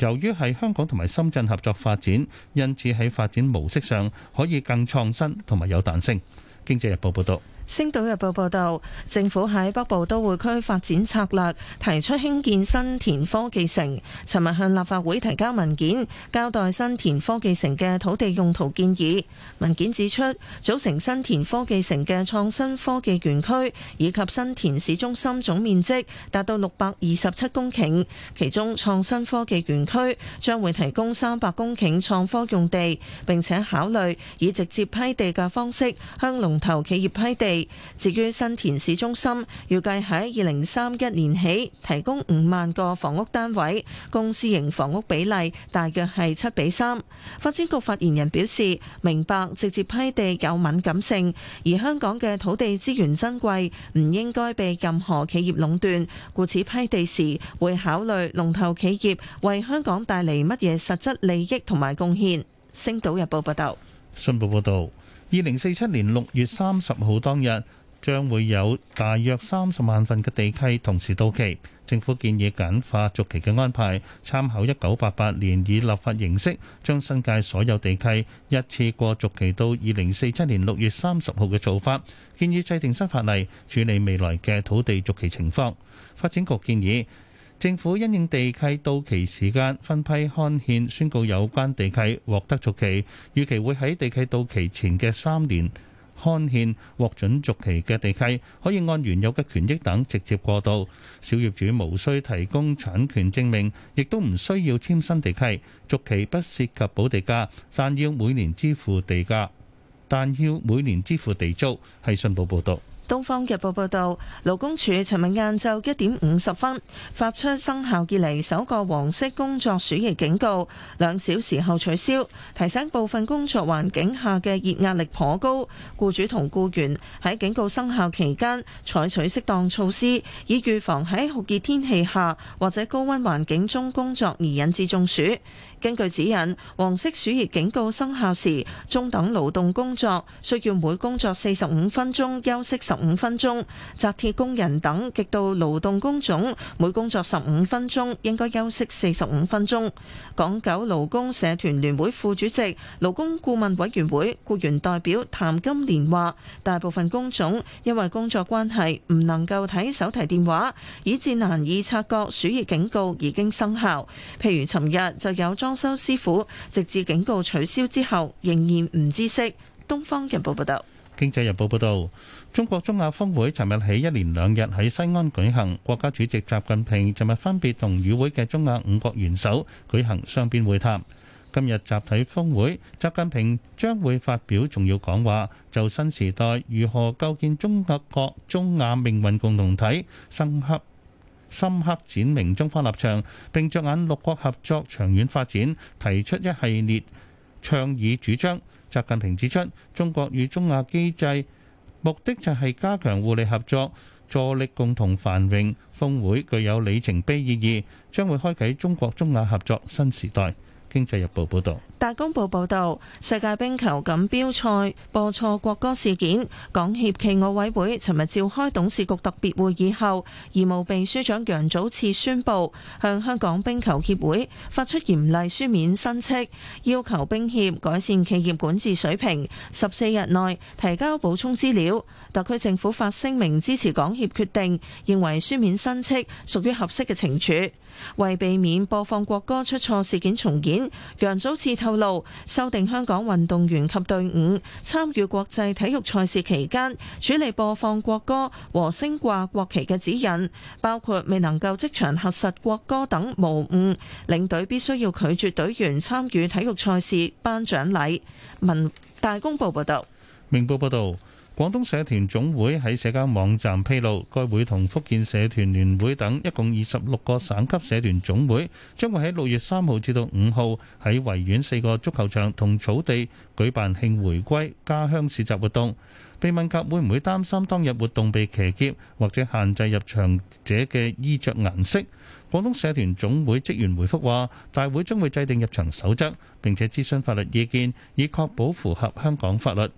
S4: 由於係香港同埋深圳合作發展，因此喺發展模式上可以更創新同埋有彈性。經濟日報報導。
S3: 星島日報報道，政府喺北部都會區發展策略提出興建新田科技城，尋日向立法會提交文件，交代新田科技城嘅土地用途建議。文件指出，組成新田科技城嘅創新科技園區以及新田市中心總面積達到六百二十七公頃，其中創新科技園區將會提供三百公頃創科用地，並且考慮以直接批地嘅方式向龍頭企業批地。至於新田市中心，預計喺二零三一年起提供五萬個房屋單位，公私營房屋比例大約係七比三。發展局發言人表示，明白直接批地有敏感性，而香港嘅土地資源珍貴，唔應該被任何企業壟斷。故此批地時會考慮龍頭企業為香港帶嚟乜嘢實質利益同埋貢獻。星島日報報道，
S4: 信報報道。二零四七年六月三十號當日，將會有大約三十萬份嘅地契同時到期。政府建議簡化續期嘅安排，參考一九八八年以立法形式將新界所有地契一次過續期到二零四七年六月三十號嘅做法，建議制定新法例處理未來嘅土地續期情況。發展局建議：政府因應地契到期時間分批刊憲，宣告有關地契獲得續期。預期會喺地契到期前嘅三年刊憲獲准續期嘅地契，可以按原有嘅權益等直接過渡。小業主無需提供產權證明，亦都唔需要簽新地契。續期不涉及補地價，但要每年支付地價，但要每年支付地租。係信報報導。
S3: 東方日報報道，勞工處尋日晏晝一點五十分發出生效以嚟首個黃色工作暑熱警告，兩小時後取消，提醒部分工作環境下嘅熱壓力頗高，僱主同僱員喺警告生效期間採取適當措施，以預防喺酷熱天氣下或者高温環境中工作而引致中暑。根據指引，黃色暑熱警告生效時，中等勞動工作需要每工作四十五分鐘休息十五分鐘；紮鐵工人等極度勞動工種，每工作十五分鐘應該休息四十五分鐘。港九勞工社團聯會副主席、勞工顧問委員會僱員代表譚金蓮話，大部分工種因為工作關係唔能夠睇手提電話，以至難以察覺暑熱警告已經生效。譬如尋日就有裝裝修師傅，直至警告取消之後，仍然唔知悉。東方日報報道，
S4: 經濟日報報道，中國中亞峰會尋日起一連兩日喺西安舉行。國家主席習近平尋日分別同與會嘅中亞五國元首舉行雙邊會談。今日集體峰會，習近平將會發表重要講話，就新時代如何構建，建中國中亞命運共同體，深刻深刻展明中方立場，並着眼六國合作長遠發展，提出一系列倡議主張。習近平指出，中國與中亞機制目的就係加強互利合作，助力共同繁榮。峰會具有里程碑意義，將會開啟中國中亞合作新時代。《經濟日報》報
S2: 導，
S3: 《大公報》報導，世界冰球錦標賽播錯國歌事件，港協暨奧委會尋日召開董事局特別會議後，義務秘書長楊祖賜宣布向香港冰球協會發出嚴厲書面申斥，要求冰協改善企業管治水平，十四日內提交補充資料。特區政府發聲明支持港協決定，認為書面申斥屬於合適嘅懲處。為避免播放國歌出錯事件重演，楊祖賜透露修訂香港運動員及隊伍參與國際體育賽事期間處理播放國歌和升掛國旗嘅指引，包括未能夠即場核實國歌等無誤，領隊必須要拒絕隊員參與體育賽事頒獎禮。文大公報報道。明報報道。
S4: 廣東社團總會喺社交網站披露，該會同福建社團聯會等一共二十六個省級社團總會，將會喺六月三號至到五號喺維園四個足球場同草地舉辦慶回歸、家鄉市集活動。被問及會唔會擔心當日活動被騎劫或者限制入場者嘅衣著顏色，廣東社團總會職員回覆話，大會將會制定入場守則，並且諮詢法律意見，以確保符合香港法律。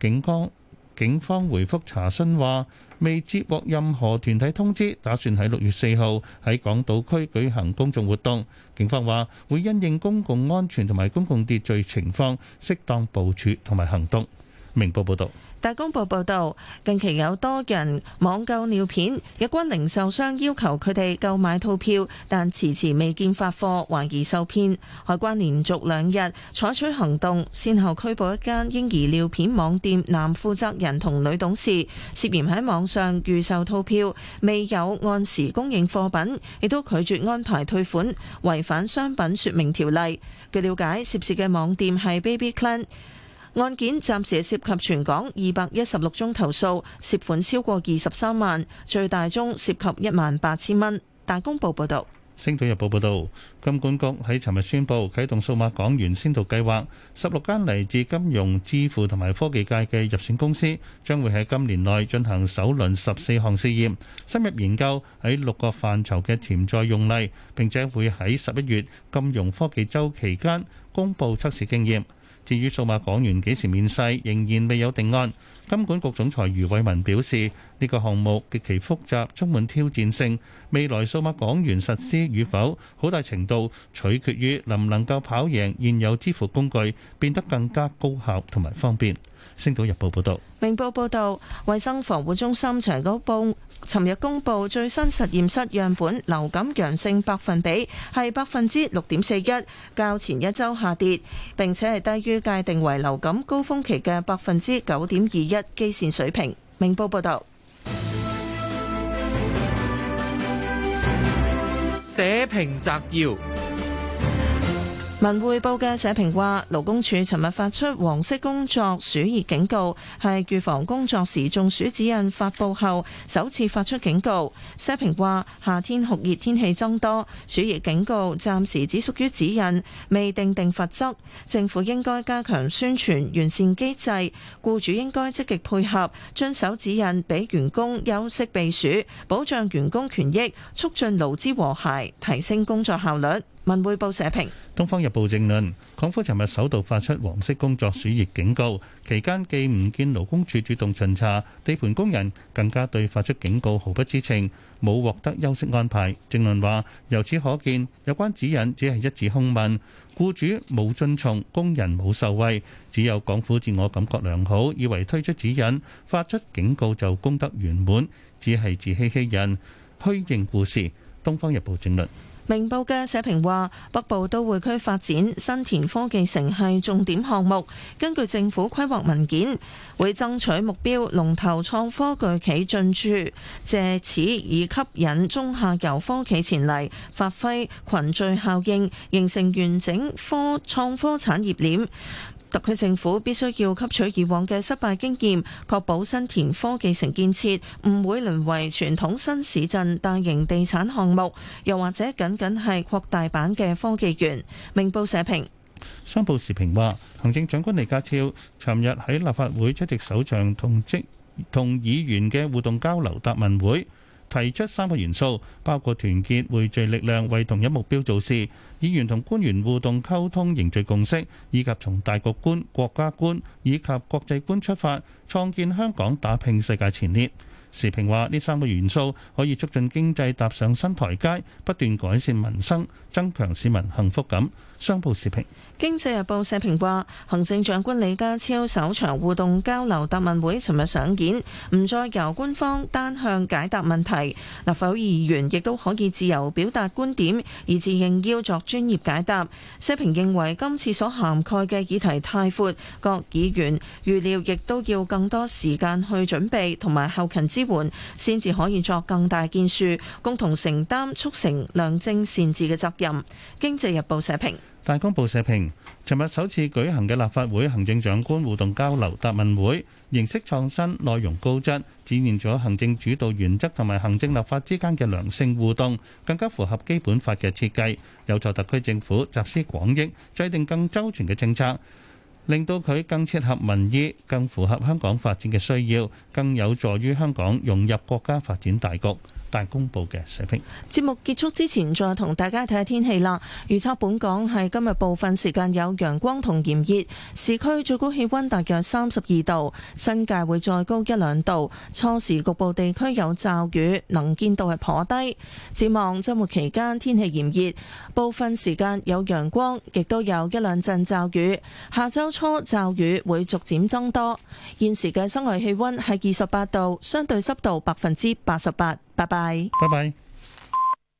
S4: 警方。警方回覆查詢話，未接獲任何團體通知，打算喺六月四號喺港島區舉行公眾活動。警方話會因應公共安全同埋公共秩序情況，適當部署同埋行動。明報報道。
S3: 大公報報導，近期有多人網購尿片，有關零售商要求佢哋購買套票，但遲遲未見發貨，懷疑受騙。海關連續兩日採取行動，先後拘捕一間嬰兒尿片網店男負責人同女董事，涉嫌喺網上預售套票，未有按時供應貨品，亦都拒絕安排退款，違反商品説明條例。據了解，涉事嘅網店係 Baby Clan。案件暫時涉及全港二百一十六宗投訴，涉款超過二十三萬，最大宗涉及一萬八千蚊。大公報報道，
S4: 《星島日報》報道，金管局喺尋日宣布啟動數碼港元先導計劃，十六間嚟自金融、支付同埋科技界嘅入選公司，將會喺今年內進行首輪十四項試驗，深入研究喺六個範疇嘅潛在用例，並且會喺十一月金融科技週期間公佈測試經驗。至於數碼港元幾時面世，仍然未有定案。金管局總裁余偉文表示，呢個項目極其複雜，充滿挑戰性。未來數碼港元實施與否，好大程度取決於能唔能夠跑贏現有支付工具，變得更加高效同埋方便。星島日報報道，
S3: 明報報道，衛生防護中心長高報昨日公布最新實驗室樣本流感陽性百分比係百分之六點四一，較前一週下跌，並且係低於界定為流感高峰期嘅百分之九點二一基線水平。明報報道，社評摘要。.文匯報嘅社評話，勞工署尋日發出黃色工作暑熱警告，係預防工作時中暑指引發布後首次發出警告。社評話，夏天酷熱天氣增多，暑熱警告暫時只屬於指引，未定定罰則。政府應該加強宣傳，完善機制，雇主應該積極配合，遵守指引，俾員工休息避暑，保障員工權益，促進勞資和諧，提升工作效率。文匯報社評，
S4: 《東方日報》政論：港府尋日首度發出黃色工作暑熱警告，期間既唔見勞工處主動巡查，地盤工人更加對發出警告毫不知情，冇獲得休息安排。政論話：由此可見，有關指引只係一紙空文，雇主冇遵從，工人冇受惠，只有港府自我感覺良好，以為推出指引、發出警告就功德圓滿，只係自欺欺人、虛應故事。《東方日報》政論。
S3: 明報嘅社評話，北部都會區發展新田科技城係重點項目，根據政府規劃文件，會爭取目標龍頭創科巨企進駐，借此以吸引中下游科企前嚟，發揮群聚效應，形成完整科創科產業鏈。特區政府必須要吸取以往嘅失敗經驗，確保新田科技城建設唔會淪為傳統新市鎮大型地產項目，又或者僅僅係擴大版嘅科技園。明報社評，
S4: 商報時評話，行政長官李家超尋日喺立法會出席首場同職同議員嘅互動交流答問會。提出三個元素，包括團結匯聚力量，為同一目標做事；議員同官員互動溝通，凝聚共識，以及從大局觀、國家觀以及國際觀出發，創建香港，打拼世界前列。時評話呢三個元素可以促進經濟踏上新台階，不斷改善民生，增強市民幸福感。商報時評。
S3: 經濟日報社評話，行政長官李家超首場互動交流答問會尋日上演，唔再由官方單向解答問題，立法會議員亦都可以自由表達觀點，以致應邀作專業解答。社評認為今次所涵蓋嘅議題太闊，各議員預料亦都要更多時間去準備同埋後勤支援，先至可以作更大建樹，共同承擔促成良政善治嘅責任。經濟日報社評。
S4: 大公報社評，尋日首次舉行嘅立法會行政長官互動交流答問會，形式創新，內容高質，展現咗行政主導原則同埋行政立法之間嘅良性互動，更加符合基本法嘅設計，有助特區政府，集思廣益，制定更周全嘅政策，令到佢更切合民意，更符合香港發展嘅需要，更有助於香港融入國家發展大局。但公布嘅水平。
S3: 節目結束之前，再同大家睇下天氣啦。預測本港係今日部分時間有陽光同炎熱，市區最高氣溫大約三十二度，新界會再高一兩度。初時局部地區有驟雨，能見度係頗低。展望週末期間天氣炎熱。部分時間有陽光，亦都有一兩陣驟雨。下周初驟雨會逐漸增多。現時嘅室外氣溫係二十八度，相對濕度百分之八十八。拜拜。拜拜。